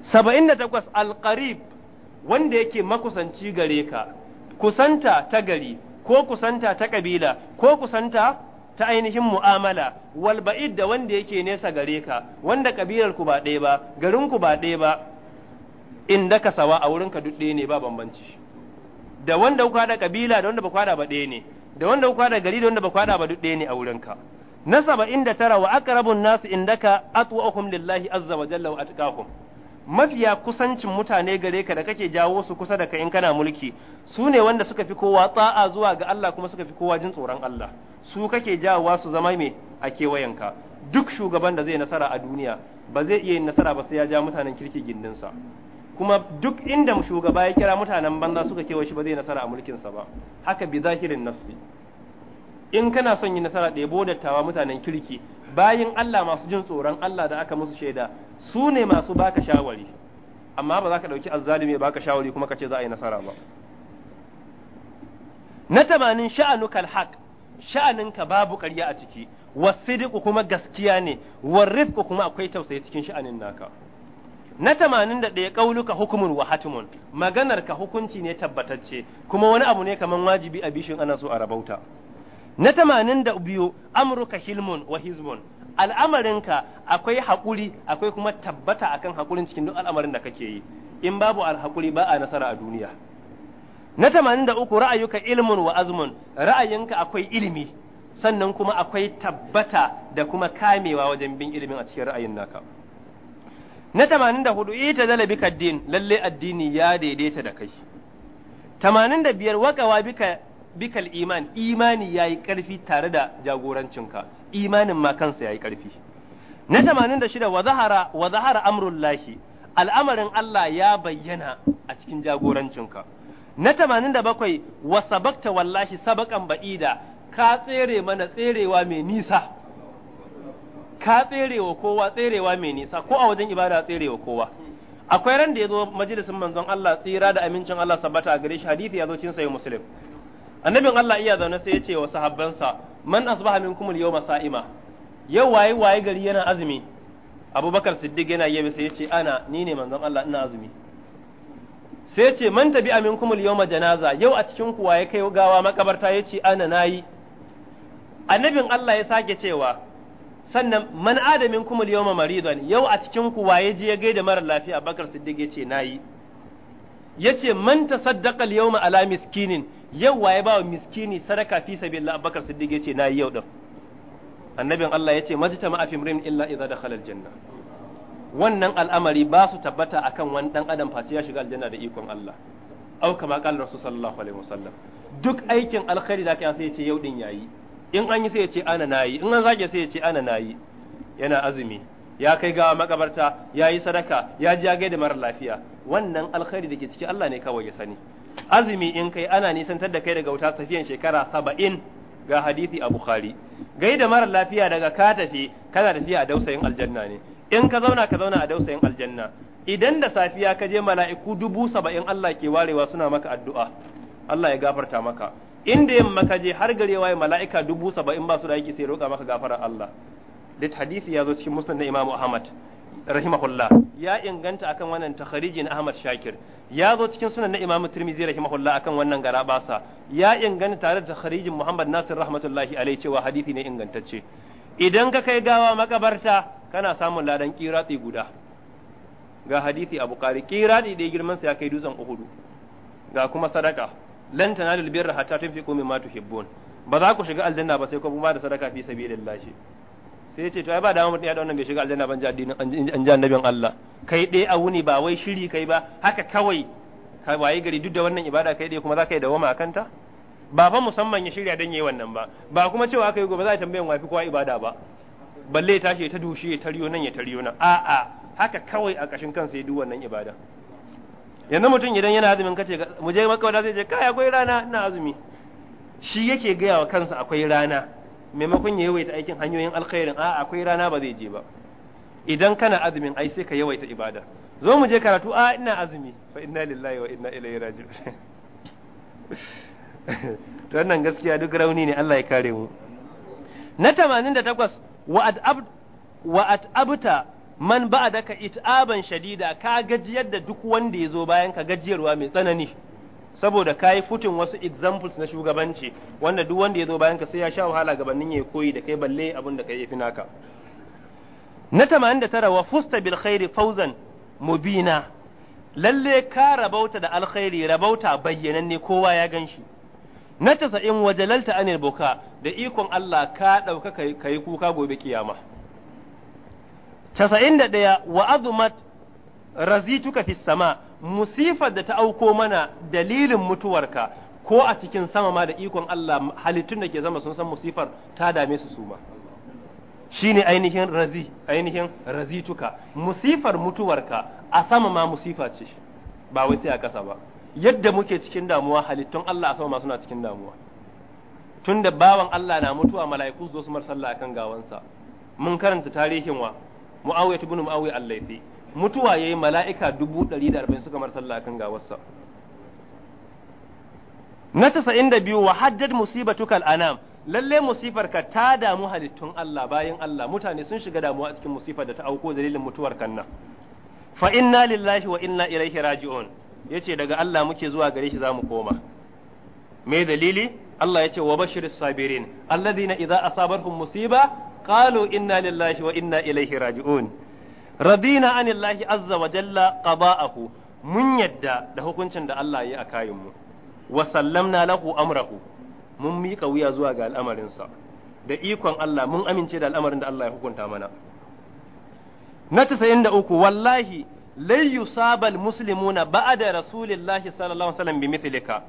saba'in da takwas alƙarib wanda yake makusanci gare ka kusanta ta gari ko kusanta ta ƙabila ko kusanta ta ainihin mu'amala wal ba'id da wanda yake nesa gare ka wanda ƙabilar ku ba ɗaya ba garin ku ba ɗaya ba da ka sawa a wurin ka duk ɗaya ne ba bambanci da wanda ku da ƙabila da wanda ba kwada ba ɗaya ne da wanda ku da gari da wanda ba kwada ba duk ɗaya ne a wurin ka na saba'in da tara wa aqrabun nasu indaka atwa'uhum lillahi azza wa jalla wa atqakum mafiya kusancin mutane gare ka da kake jawo su kusa da ka in kana mulki su ne wanda suka fi kowa tsa'a zuwa ga Allah kuma suka fi kowa jin tsoron Allah su kake jawowa su zama mai a kewayenka duk shugaban da zai nasara a duniya ba zai iya yin nasara ba sai ya ja mutanen kirki gindinsa kuma duk inda shugaba ya kira mutanen banza suka kewaye shi ba zai nasara a mulkin sa ba haka bi zahirin nafsi in kana son yin nasara ɗebo tawa mutanen kirki bayin Allah masu jin tsoron Allah da aka musu shaida su ne masu baka shawari amma ba za ka ɗauki azzalimi ya baka shawari kuma ka ce za a yi nasara ba na tamanin sha'anukal haq sha'aninka babu ƙarya a ciki wasidiku kuma gaskiya ne warifku kuma akwai tausayi cikin sha'anin naka na tamanin da ɗaya ƙauluka hukumun wa hatimun maganar ka hukunci ne tabbatacce kuma wani abu ne kamar wajibi a bishin ana so a rabauta na tamanin da biyu amurka hilmun wa hizmun al'amarinka akwai haƙuri akwai kuma tabbata akan haƙurin cikin duk al'amarin da kake yi in babu alhaƙuri ba a nasara a duniya na tamanin da uku ra'ayuka ilmun wa azmun ra'ayinka akwai ilimi sannan kuma akwai tabbata da kuma kamewa wajen bin ilimin a cikin ra'ayin naka na tamanin da hudu ita zala bika din lalle addini ya daidaita da kai tamanin da biyar wakawa bika bikal iman imani ya yi ƙarfi tare da jagorancinka imanin ma kansa yayi ƙarfi. na 86 wa zahara wa zahara amrullahi al'amarin Allah ya bayyana a cikin jagorancinka na 87 wa sabakta wallahi sabakan ba'ida ka tsere mana tserewa mai nisa ka tserewa kowa tserewa mai nisa ko a wajen ibada tserewa kowa akwai ran da ya zo majalisin manzon Allah tsira da amincin Allah sabbata a gare shi hadisi ya zo cin sayi muslim annabin Allah iya zaune sai ya ce wa sahabbansa man asbaha minkum al-yawma sa'ima yau waye waye gari yana azumi Abubakar Siddiq yana yabe sai ya ce ana ni ne manzon Allah ina azumi sai ya ce man tabi aminkum al-yawma janaza yau a cikin ku waye kai gawa makabarta ya ce ana nayi annabin Allah ya sake cewa sannan man adamin kuma yawma maridan yau a cikin ku waye je ya gaida mara lafiya bakar Siddiq ya ce nayi yace man tasaddaqa al-yawma ala miskinin yau waye ba miskini sadaka fi sabilillah abubakar siddiq yace nayi yau din annabin Allah yace majtama'a fi imrin illa idza dakhala aljanna wannan al'amari ba su tabbata akan wani dan adam face ya shiga aljanna da ikon Allah au kama qala rasul sallallahu alaihi wasallam duk aikin alkhairi da kai sai yace yau din yayi in an yi sai yace ana nayi in an zage sai yace ana nayi yana azumi ya kai gawa makabarta ya yi sadaka ya ji ya gaida mara lafiya wannan alkhairi da ke ciki Allah ne kawai ya sani azumi in kai ana nisantar da kai daga wuta tafiyan shekara saba'in ga hadisi a bukhari Gai da mara lafiya daga ka tafi kana tafiya a dausayin aljanna ne in ka zauna ka zauna a dausayin aljanna idan da safiya ka je mala'iku dubu saba'in Allah ke warewa suna maka addu'a Allah ya gafarta maka in da yamma ka je har garewa mala'ika dubu saba'in ba su da yake sai roƙa maka gafara Allah hadisi ya zo cikin musnad na Imam Ahmad rahimahullah ya inganta akan wannan takhariji na Ahmad Shakir ya zo cikin sunan na Imam Tirmidhi rahimahullah akan wannan garabasa ya inganta tare da takharijin Muhammad Nasir rahmatullahi alaihi cewa hadisi ne ingantacce idan ka kai gawa makabarta kana samun ladan kirati guda ga hadisi a Bukhari kirati da girman sa ya kai dutsen Uhud ga kuma sadaka lan tanalul birra hatta tunfiqu mimma tuhibbun ba za ku shiga aljanna ba sai ku ba da sadaka fi sabilillah sai ya ce to ai ba dama mutum ya da wannan bai shiga aljanna ban ji addinin an ji annabin Allah kai dai a wuni ba wai shiri kai ba haka kawai ka waye gari duk da wannan ibada kai dai kuma za ka yi dawama akan ta ba fa musamman ya shirya dan yayi wannan ba ba kuma cewa aka yi gobe za a tambayan wafi kowa ibada ba balle ya tashi ta dushi ya taryo nan ya taryo nan a'a haka kawai a kashin kansa ya duk wannan ibada yanzu mutum idan yana azumin kace mu je makka zai ce kai akwai rana ina azumi shi yake gaya wa kansa akwai rana maimakon ya yawaita aikin hanyoyin alkhairin a akwai rana ba zai je ba idan kana azumin ai sai ka yawaita ibada zo mu je karatu a ina azumi fa inna lillahi wa inna ilaihi raji'un to wannan gaskiya duk rauni ne Allah ya kare mu na 88 wa adab wa atabta man ba'daka itaban shadida ka gajiyar da duk wanda ya zo bayan ka gajiyarwa mai tsanani saboda ka yi futun wasu examples na shugabanci wanda duk wanda ya zo bayan ka sai ya sha wahala gabanin ya koyi da kai balle abin da kai fina naka na tamanin da tara wa fusta bil khairi mu mubina lalle ka rabauta da alkhairi rabauta bayyananne kowa ya gan shi na casa'in wa lalta anil buka da ikon Allah ka ɗauka ka yi kuka gobe kiyama ɗaya wa azumat razituka fis sama musifar da ta auko mana dalilin mutuwarka ko a cikin sama ma da ikon Allah halittun da ke zama sun san musifar ta dame su su ma ne ainihin razi ainihin razituka musifar mutuwarka a sama ma musifa ce ba wai sai a kasa ba yadda muke cikin damuwa halittun Allah a sama ma suna cikin damuwa tunda bawan Allah na mutuwa mala'iku su zo su mar sallah akan gawansa mun karanta tarihin wa Mu'awiyatu bin Muawiya al mutuwa yayi mala'ika dubu ɗari da arba'in suka mar sallah kan gawarsa na casa'in da biyu wa haddad musibatukal anam lalle musifar ka ta damu halittun Allah bayan Allah mutane sun shiga damuwa a cikin musifar da ta auko dalilin mutuwar kanna fa inna lillahi wa inna ilaihi raji'un yace daga Allah muke zuwa gare shi zamu koma me dalili Allah yace wa bashiris sabirin alladhina idza asabarhum musiba qalu inna lillahi wa inna ilaihi raji'un radina anillahi azza wa jalla qada'ahu mun yadda da hukuncin da Allah ya yi a kayan mu wa sallamna lahu amrahu mun mika wuya zuwa ga al'amarin sa da ikon Allah mun amince da al'amarin da Allah ya hukunta mana na 93 wallahi lai yusabal muslimuna ba'da rasulillahi sallallahu alaihi wasallam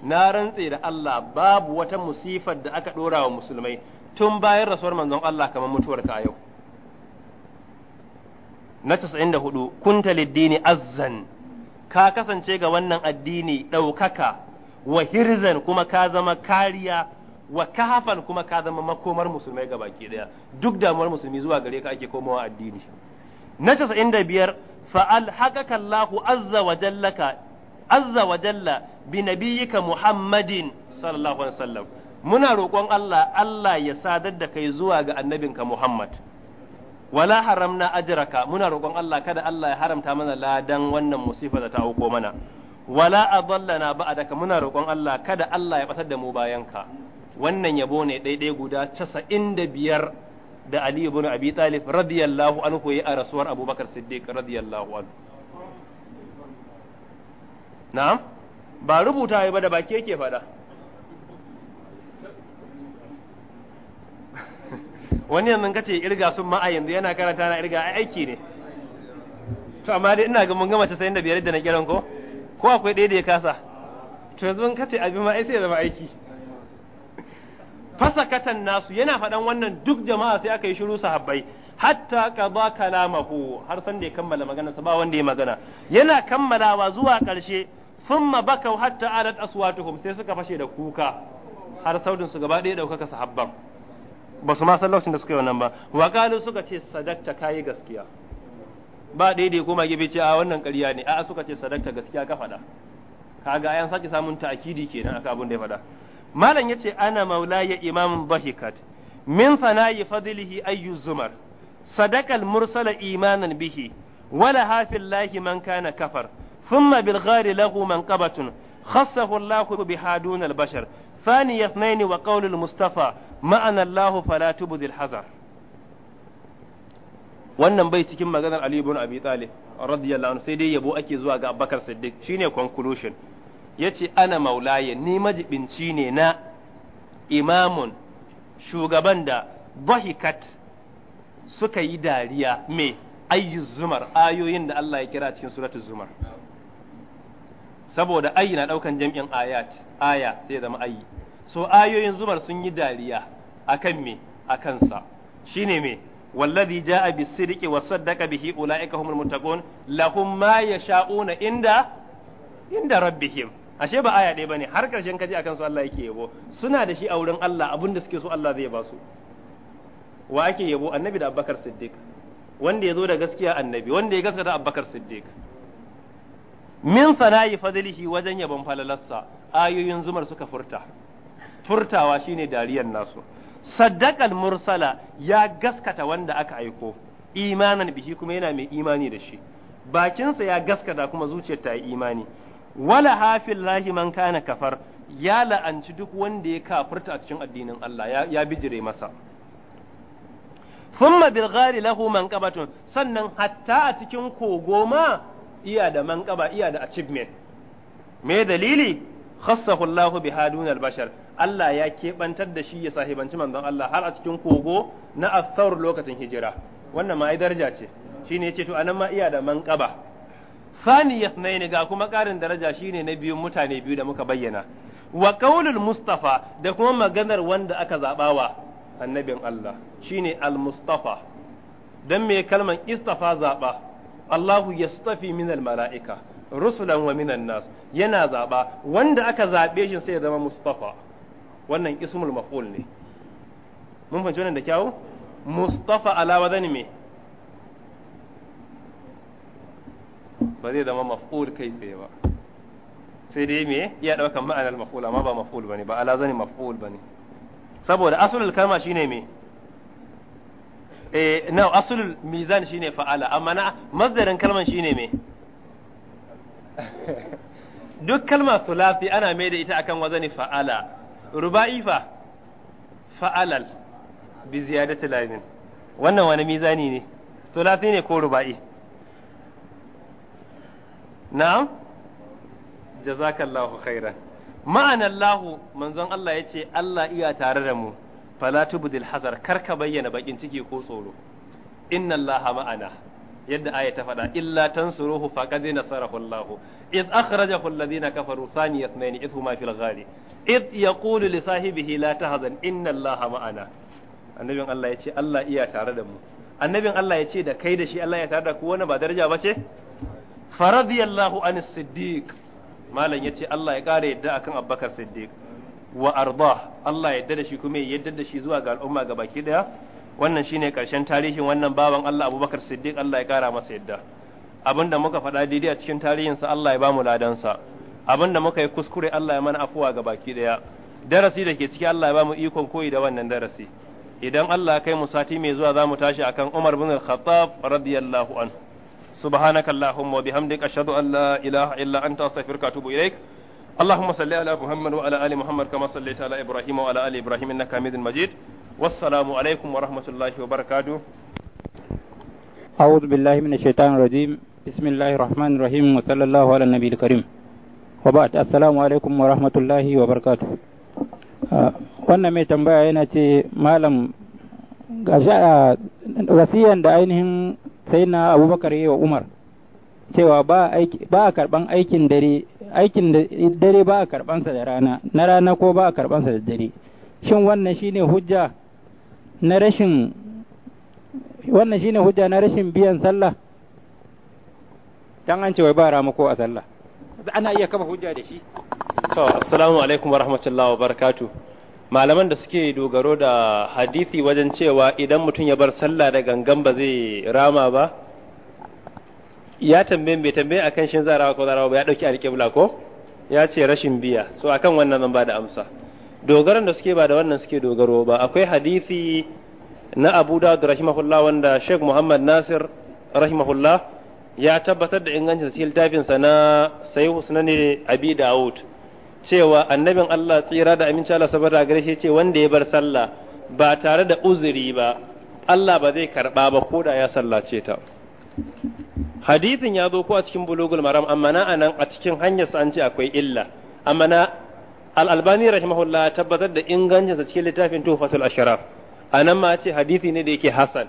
na rantse da Allah babu wata musifar da aka dora wa musulmai tun bayan rasuwar manzon Allah kamar mutuwar ka yau na 94 kunta lid azzan ka kasance ga wannan addini ɗaukaka wa hirzan kuma ka zama kariya wa kahafan kuma ka zama makomar musulmai ga baki daya duk damuwar musulmi zuwa gare ka ake komawa addini na 95 fa alhaqaka Allahu azza wa jallaka azza wa jalla bi nabiyyika Muhammadin sallallahu alaihi wasallam muna roƙon Allah Allah ya sadar da kai zuwa ga annabinka Muhammad wala haramna ajraka muna roƙon Allah kada Allah ya haramta mana ladan wannan musifa da ta auko mana wala adallana ba'daka muna roƙon Allah kada Allah ya batar da mu ka, wannan yabo ne daidai guda casa'in da Ali ibn Abi Talib radiyallahu anhu ya a rasuwar Abubakar Siddiq radiyallahu anhu na'am ba rubuta ba da baki yake faɗa wani yanzu kace irga sun ma'a yanzu yana karanta na irga a aiki ne to amma dai ina ga mun gama 95 da na kiran ko ko akwai ɗaya da ya kasa to yanzu kace abin ma ai sai ya zama aiki fasakatan nasu yana faɗan wannan duk jama'a sai aka yi shiru sahabbai hatta qada kalamahu har san da ya kammala magana ba wanda ya magana yana kammalawa zuwa ƙarshe thumma bakau hatta alat aswatuhum sai suka fashe da kuka har saudin su gaba ɗaya ɗaukaka sahabban ba su ma san lokacin da suka yi wannan ba wa suka ce sadakta kai gaskiya ba daidai koma gefe ce a wannan ƙarya ne a'a suka ce sadakta gaskiya ka faɗa kaga ayan saki samun ta'kidi kenan aka abun da ya faɗa malam yace ana maulaya imamin bahikat min sanayi fadlihi ayyu zumar sadaqal mursala imanan bihi wala hafil lahi man kana kafar thumma bil ghari lahu man qabatun khassahu Allah biha dunal bashar ثاني اثنين وقول المصطفى ma'ana Allahu fala tubdil wannan bai cikin maganar Ali ibn Abi Talib radiyallahu anhu sai dai yabo ake zuwa ga Abubakar Siddiq shine conclusion yace ana maulaye ni majibinci ne na imamun shugaban da bahikat suka yi dariya me ayyu zumar ayoyin da Allah ya kira cikin suratul zumar saboda ayi na daukan jam'in ayat aya sai zama ayi so ayoyin zumar sun yi dariya akan me kansa. Shi ne me bisirki جاء بالصدق Bihi به أولئك هم المتقون لهم ما يشاءون inda inda rabbihim ashe ba aya ɗaya bane har karshen kaji akan su Allah yake yabo suna da shi a wurin Allah abinda da suke so Allah zai ba su wa ake yabo annabi da abubakar siddiq wanda ya zo da gaskiya annabi wanda ya gaskata abubakar siddiq min sana'i fadlihi wajen yabon falalarsa ayoyin zumar suka furta furtawa shine dariyan nasu saddaqal mursala ya gaskata wanda aka aiko imanan bihi kuma yana mai imani da shi bakinsa ya gaskata kuma zuciyar ta yi imani wala hafil lahi man kana kafar ya la'anci duk wanda ya kafirta a cikin addinin Allah ya bijire masa thumma bil ghari lahu manqabatun sannan hatta a cikin kogo ma iya da manqaba iya da achievement me dalili khassahu Allahu bi hadun bashar Allah ya keɓantar da shi ya sahibanci manzon Allah har a cikin kogo na asaur lokacin hijira wannan ma ai daraja ce shine yace to anan ma iya da manqaba sani yathnain ga kuma karin daraja shine na biyun mutane biyu da muka bayyana wa qaulul mustafa da kuma maganar wanda aka zabawa annabin Allah shine al mustafa dan me kalman istafa zaba Allahu yastafi min al mala'ika rusulan wa minan nas yana zaba wanda aka zabe shi sai ya zama mustafa wannan ismul maf'ul ne mun fahimci wannan da kyawu mustafa ala zani me ba zai zama maf'ul kai tsaye ba sai dai me iya ɗaukan ma'anar maf'ul amma ba maf'ul bane ba ala zani maf'ul bane saboda asulul kalma shine me eh na asulul mizan shine fa'ala amma na masdarin kalman shine me duk kalma sulafi ana mai da ita akan wazani fa'ala ruba'i fa fa'alal bi ziyadati lamin wannan wani mizani ne to lafi ne ko ruba'i na'am jazakallahu khairan ma'anan lahu manzon Allah yace Allah iya tare da mu fala tubdil hazar kar ka bayyana bakin ciki ko tsoro inna Allah ma'ana yadda aya ta faɗa illa tansuruhu faqad nasarahu Allah id akhrajahu alladhina kafaru thani ithnain id fil ghari id yaqulu li sahibihi la tahzan inna Allah ma'ana annabin Allah ya ce Allah iya tare da mu annabin Allah ya ce da kai da shi Allah ya tare da ku wani ba daraja ba ce faradiyallahu an siddiq malam ya ce Allah ya kare yadda akan abbakar siddiq wa arda Allah ya yadda da shi kuma ya yadda da shi zuwa ga al'umma ga baki daya wannan shine karshen tarihin wannan baban Allah Abubakar Siddiq Allah ya kara masa yadda abinda muka faɗa daidai a cikin tarihinsa Allah ya bamu ladansa abinda muka yi kuskure Allah ya mana afuwa ga baki daya darasi da ke ciki Allah ya bamu ikon koyi da wannan darasi idan Allah ya kai mu sati mai zuwa zamu tashi akan Umar bin Khattab radiyallahu anhu سبحانك اللهم وبحمدك أشهد أن لا إله إلا أنت أستغفرك وأتوب إليك اللهم صل على محمد وعلى آل محمد كما صليت على إبراهيم وعلى آل إبراهيم إنك حميد مجيد والسلام عليكم ورحمة الله وبركاته أعوذ بالله من الشيطان الرجيم بسم الله الرحمن الرحيم وصلى الله على النبي الكريم وبعد السلام عليكم ورحمة الله وبركاته وانا mai tambaya yana ce malam وثيا دعينهم ainihin أبو بكر وعمر yi wa umar cewa ba a karban aikin dare aikin dare ba a sa da rana na rana ko ba a sa da dare shin wannan shine hujja na rashin wannan shine hujja na rashin biyan sallah dan an ce wai ba ramako a sallah ana iya kafa hujja da shi to assalamu alaikum wa wabarakatuh malaman da suke dogaro da hadisi wajen cewa idan mutum ya bar sallah da gangan ba zai rama ba ya tambaye mai tambaye akan shin zarawa ko zarawa ba ya dauki alƙibla ko ya ce rashin biya so akan wannan zan ba da amsa dogaran da suke ba da wannan suke dogaro ba akwai hadisi na Abu Dawud rahimahullah wanda Sheikh Muhammad Nasir rahimahullah ya tabbatar da ingancin cikin littafin sa na Sahih Sunan Abi Dawud cewa annabin Allah tsira da aminci Allah saboda gare shi ce wanda ya bar sallah ba tare da uzuri ba Allah ba zai karba ba ko da ya sallace ta hadithin ya zo ko a cikin bulugul maram amma na anan a cikin hanyar an ce akwai illa amma na al-albani rahimahullah ya tabbatar da ingancinsa cikin littafin tuhfatul ashraf anan ma ce hadisi ne da yake hasan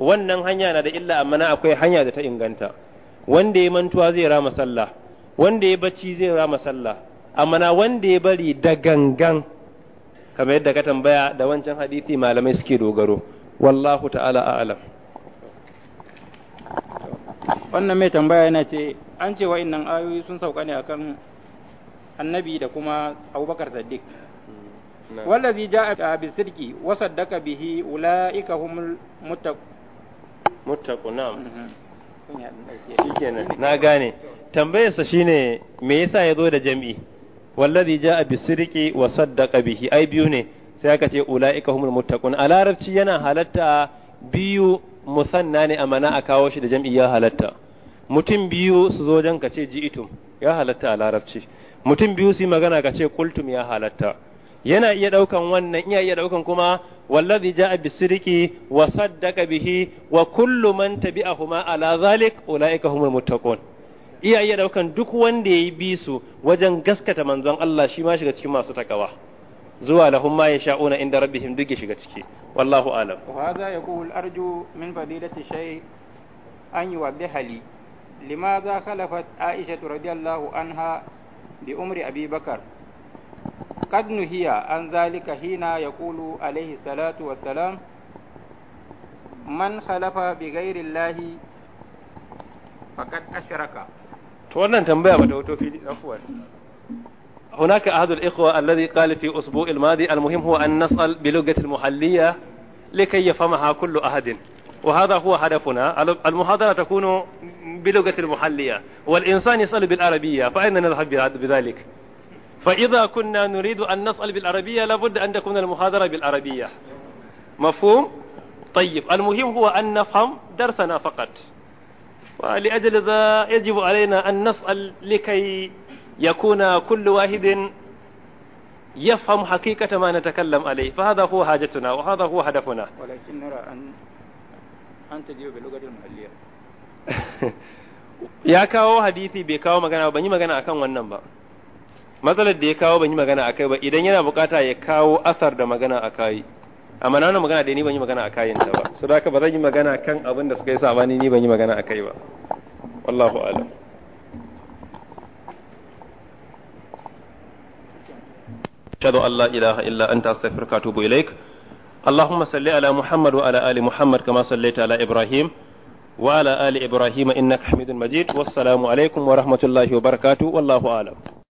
wannan hanya na da illa amma na akwai hanya da ta inganta wanda ya mantuwa zai rama sallah wanda ya bacci zai rama sallah amma na wanda ya bari da gangan kamar yadda ka tambaya da wancan hadisi malamai suke dogaro wallahu ta'ala a'lam wannan mai tambaya yana ce an ce wa'annan ayoyi sun sauka ne akan annabi da kuma abubakar saddiq hmm. wallazi ja'a bi sidqi wa saddaqa bihi ulaika humul muttaqun na'am mhm. shikenan na gane tambayarsa shine me yasa ya zo da jam'i wallazi ja'a bi sidqi wa saddaqa bihi ai biyu ne sai aka ce ulaika humul muttaqun a larabci yana halatta biyu musanna ne amana a kawo shi da jam'i ya halatta mutum biyu su zo jan ka ce ji'itum ya halatta a larabci mutum biyu su magana ka ce kultum ya halatta yana iya daukan wannan iya iya daukan kuma wallazi ja'a bisiriki wa saddaka bihi wa kullu man tabi'ahuma ala zalik ulaika humul muttaqun iya iya daukan duk wanda yayi bi su wajen gaskata manzon Allah shi ma shiga cikin masu takawa zuwa lahum ma yasha'una inda rabbihim duk ya shiga ciki wallahu alam wa hadha yaqul arju min fadilati shay an yuwaddiha li limadha khalafat aisha radiyallahu anha بأمر أبي بكر قد نهي عن ذلك حين يقول عليه الصلاة والسلام من خلف بغير الله فقد أشرك تولى أن wannan tambaya أفوال هناك أحد الإخوة الذي قال في أسبوع الماضي المهم هو أن نسأل بلغة المحلية لكي يفهمها كل أحد وهذا هو هدفنا المحاضرة تكون بلغة المحلية والإنسان يسأل بالعربية فأين نذهب بذلك فإذا كنا نريد أن نسأل بالعربية لابد أن تكون المحاضرة بالعربية مفهوم طيب المهم هو أن نفهم درسنا فقط ولأجل ذا يجب علينا أن نسأل لكي يكون كل واحد يفهم حقيقة ما نتكلم عليه فهذا هو حاجتنا وهذا هو هدفنا ولكن نرى أن an ta muhalliya ya kawo hadisi bai kawo magana ba ban yi magana akan wannan ba matsalar da ya kawo ban yi magana akai ba idan yana bukata ya kawo asar da magana akai amma na magana da ni ban yi magana akai ta ba saboda ka ba zan yi magana kan abin da suka yi sabani ni ban yi magana akai ba wallahu a'lam أشهد أن لا إله إلا أنت أستغفرك وأتوب إليك اللهم صل على محمد وعلى آل محمد كما صليت على إبراهيم وعلى آل إبراهيم إنك حميد مجيد والسلام عليكم ورحمة الله وبركاته والله أعلم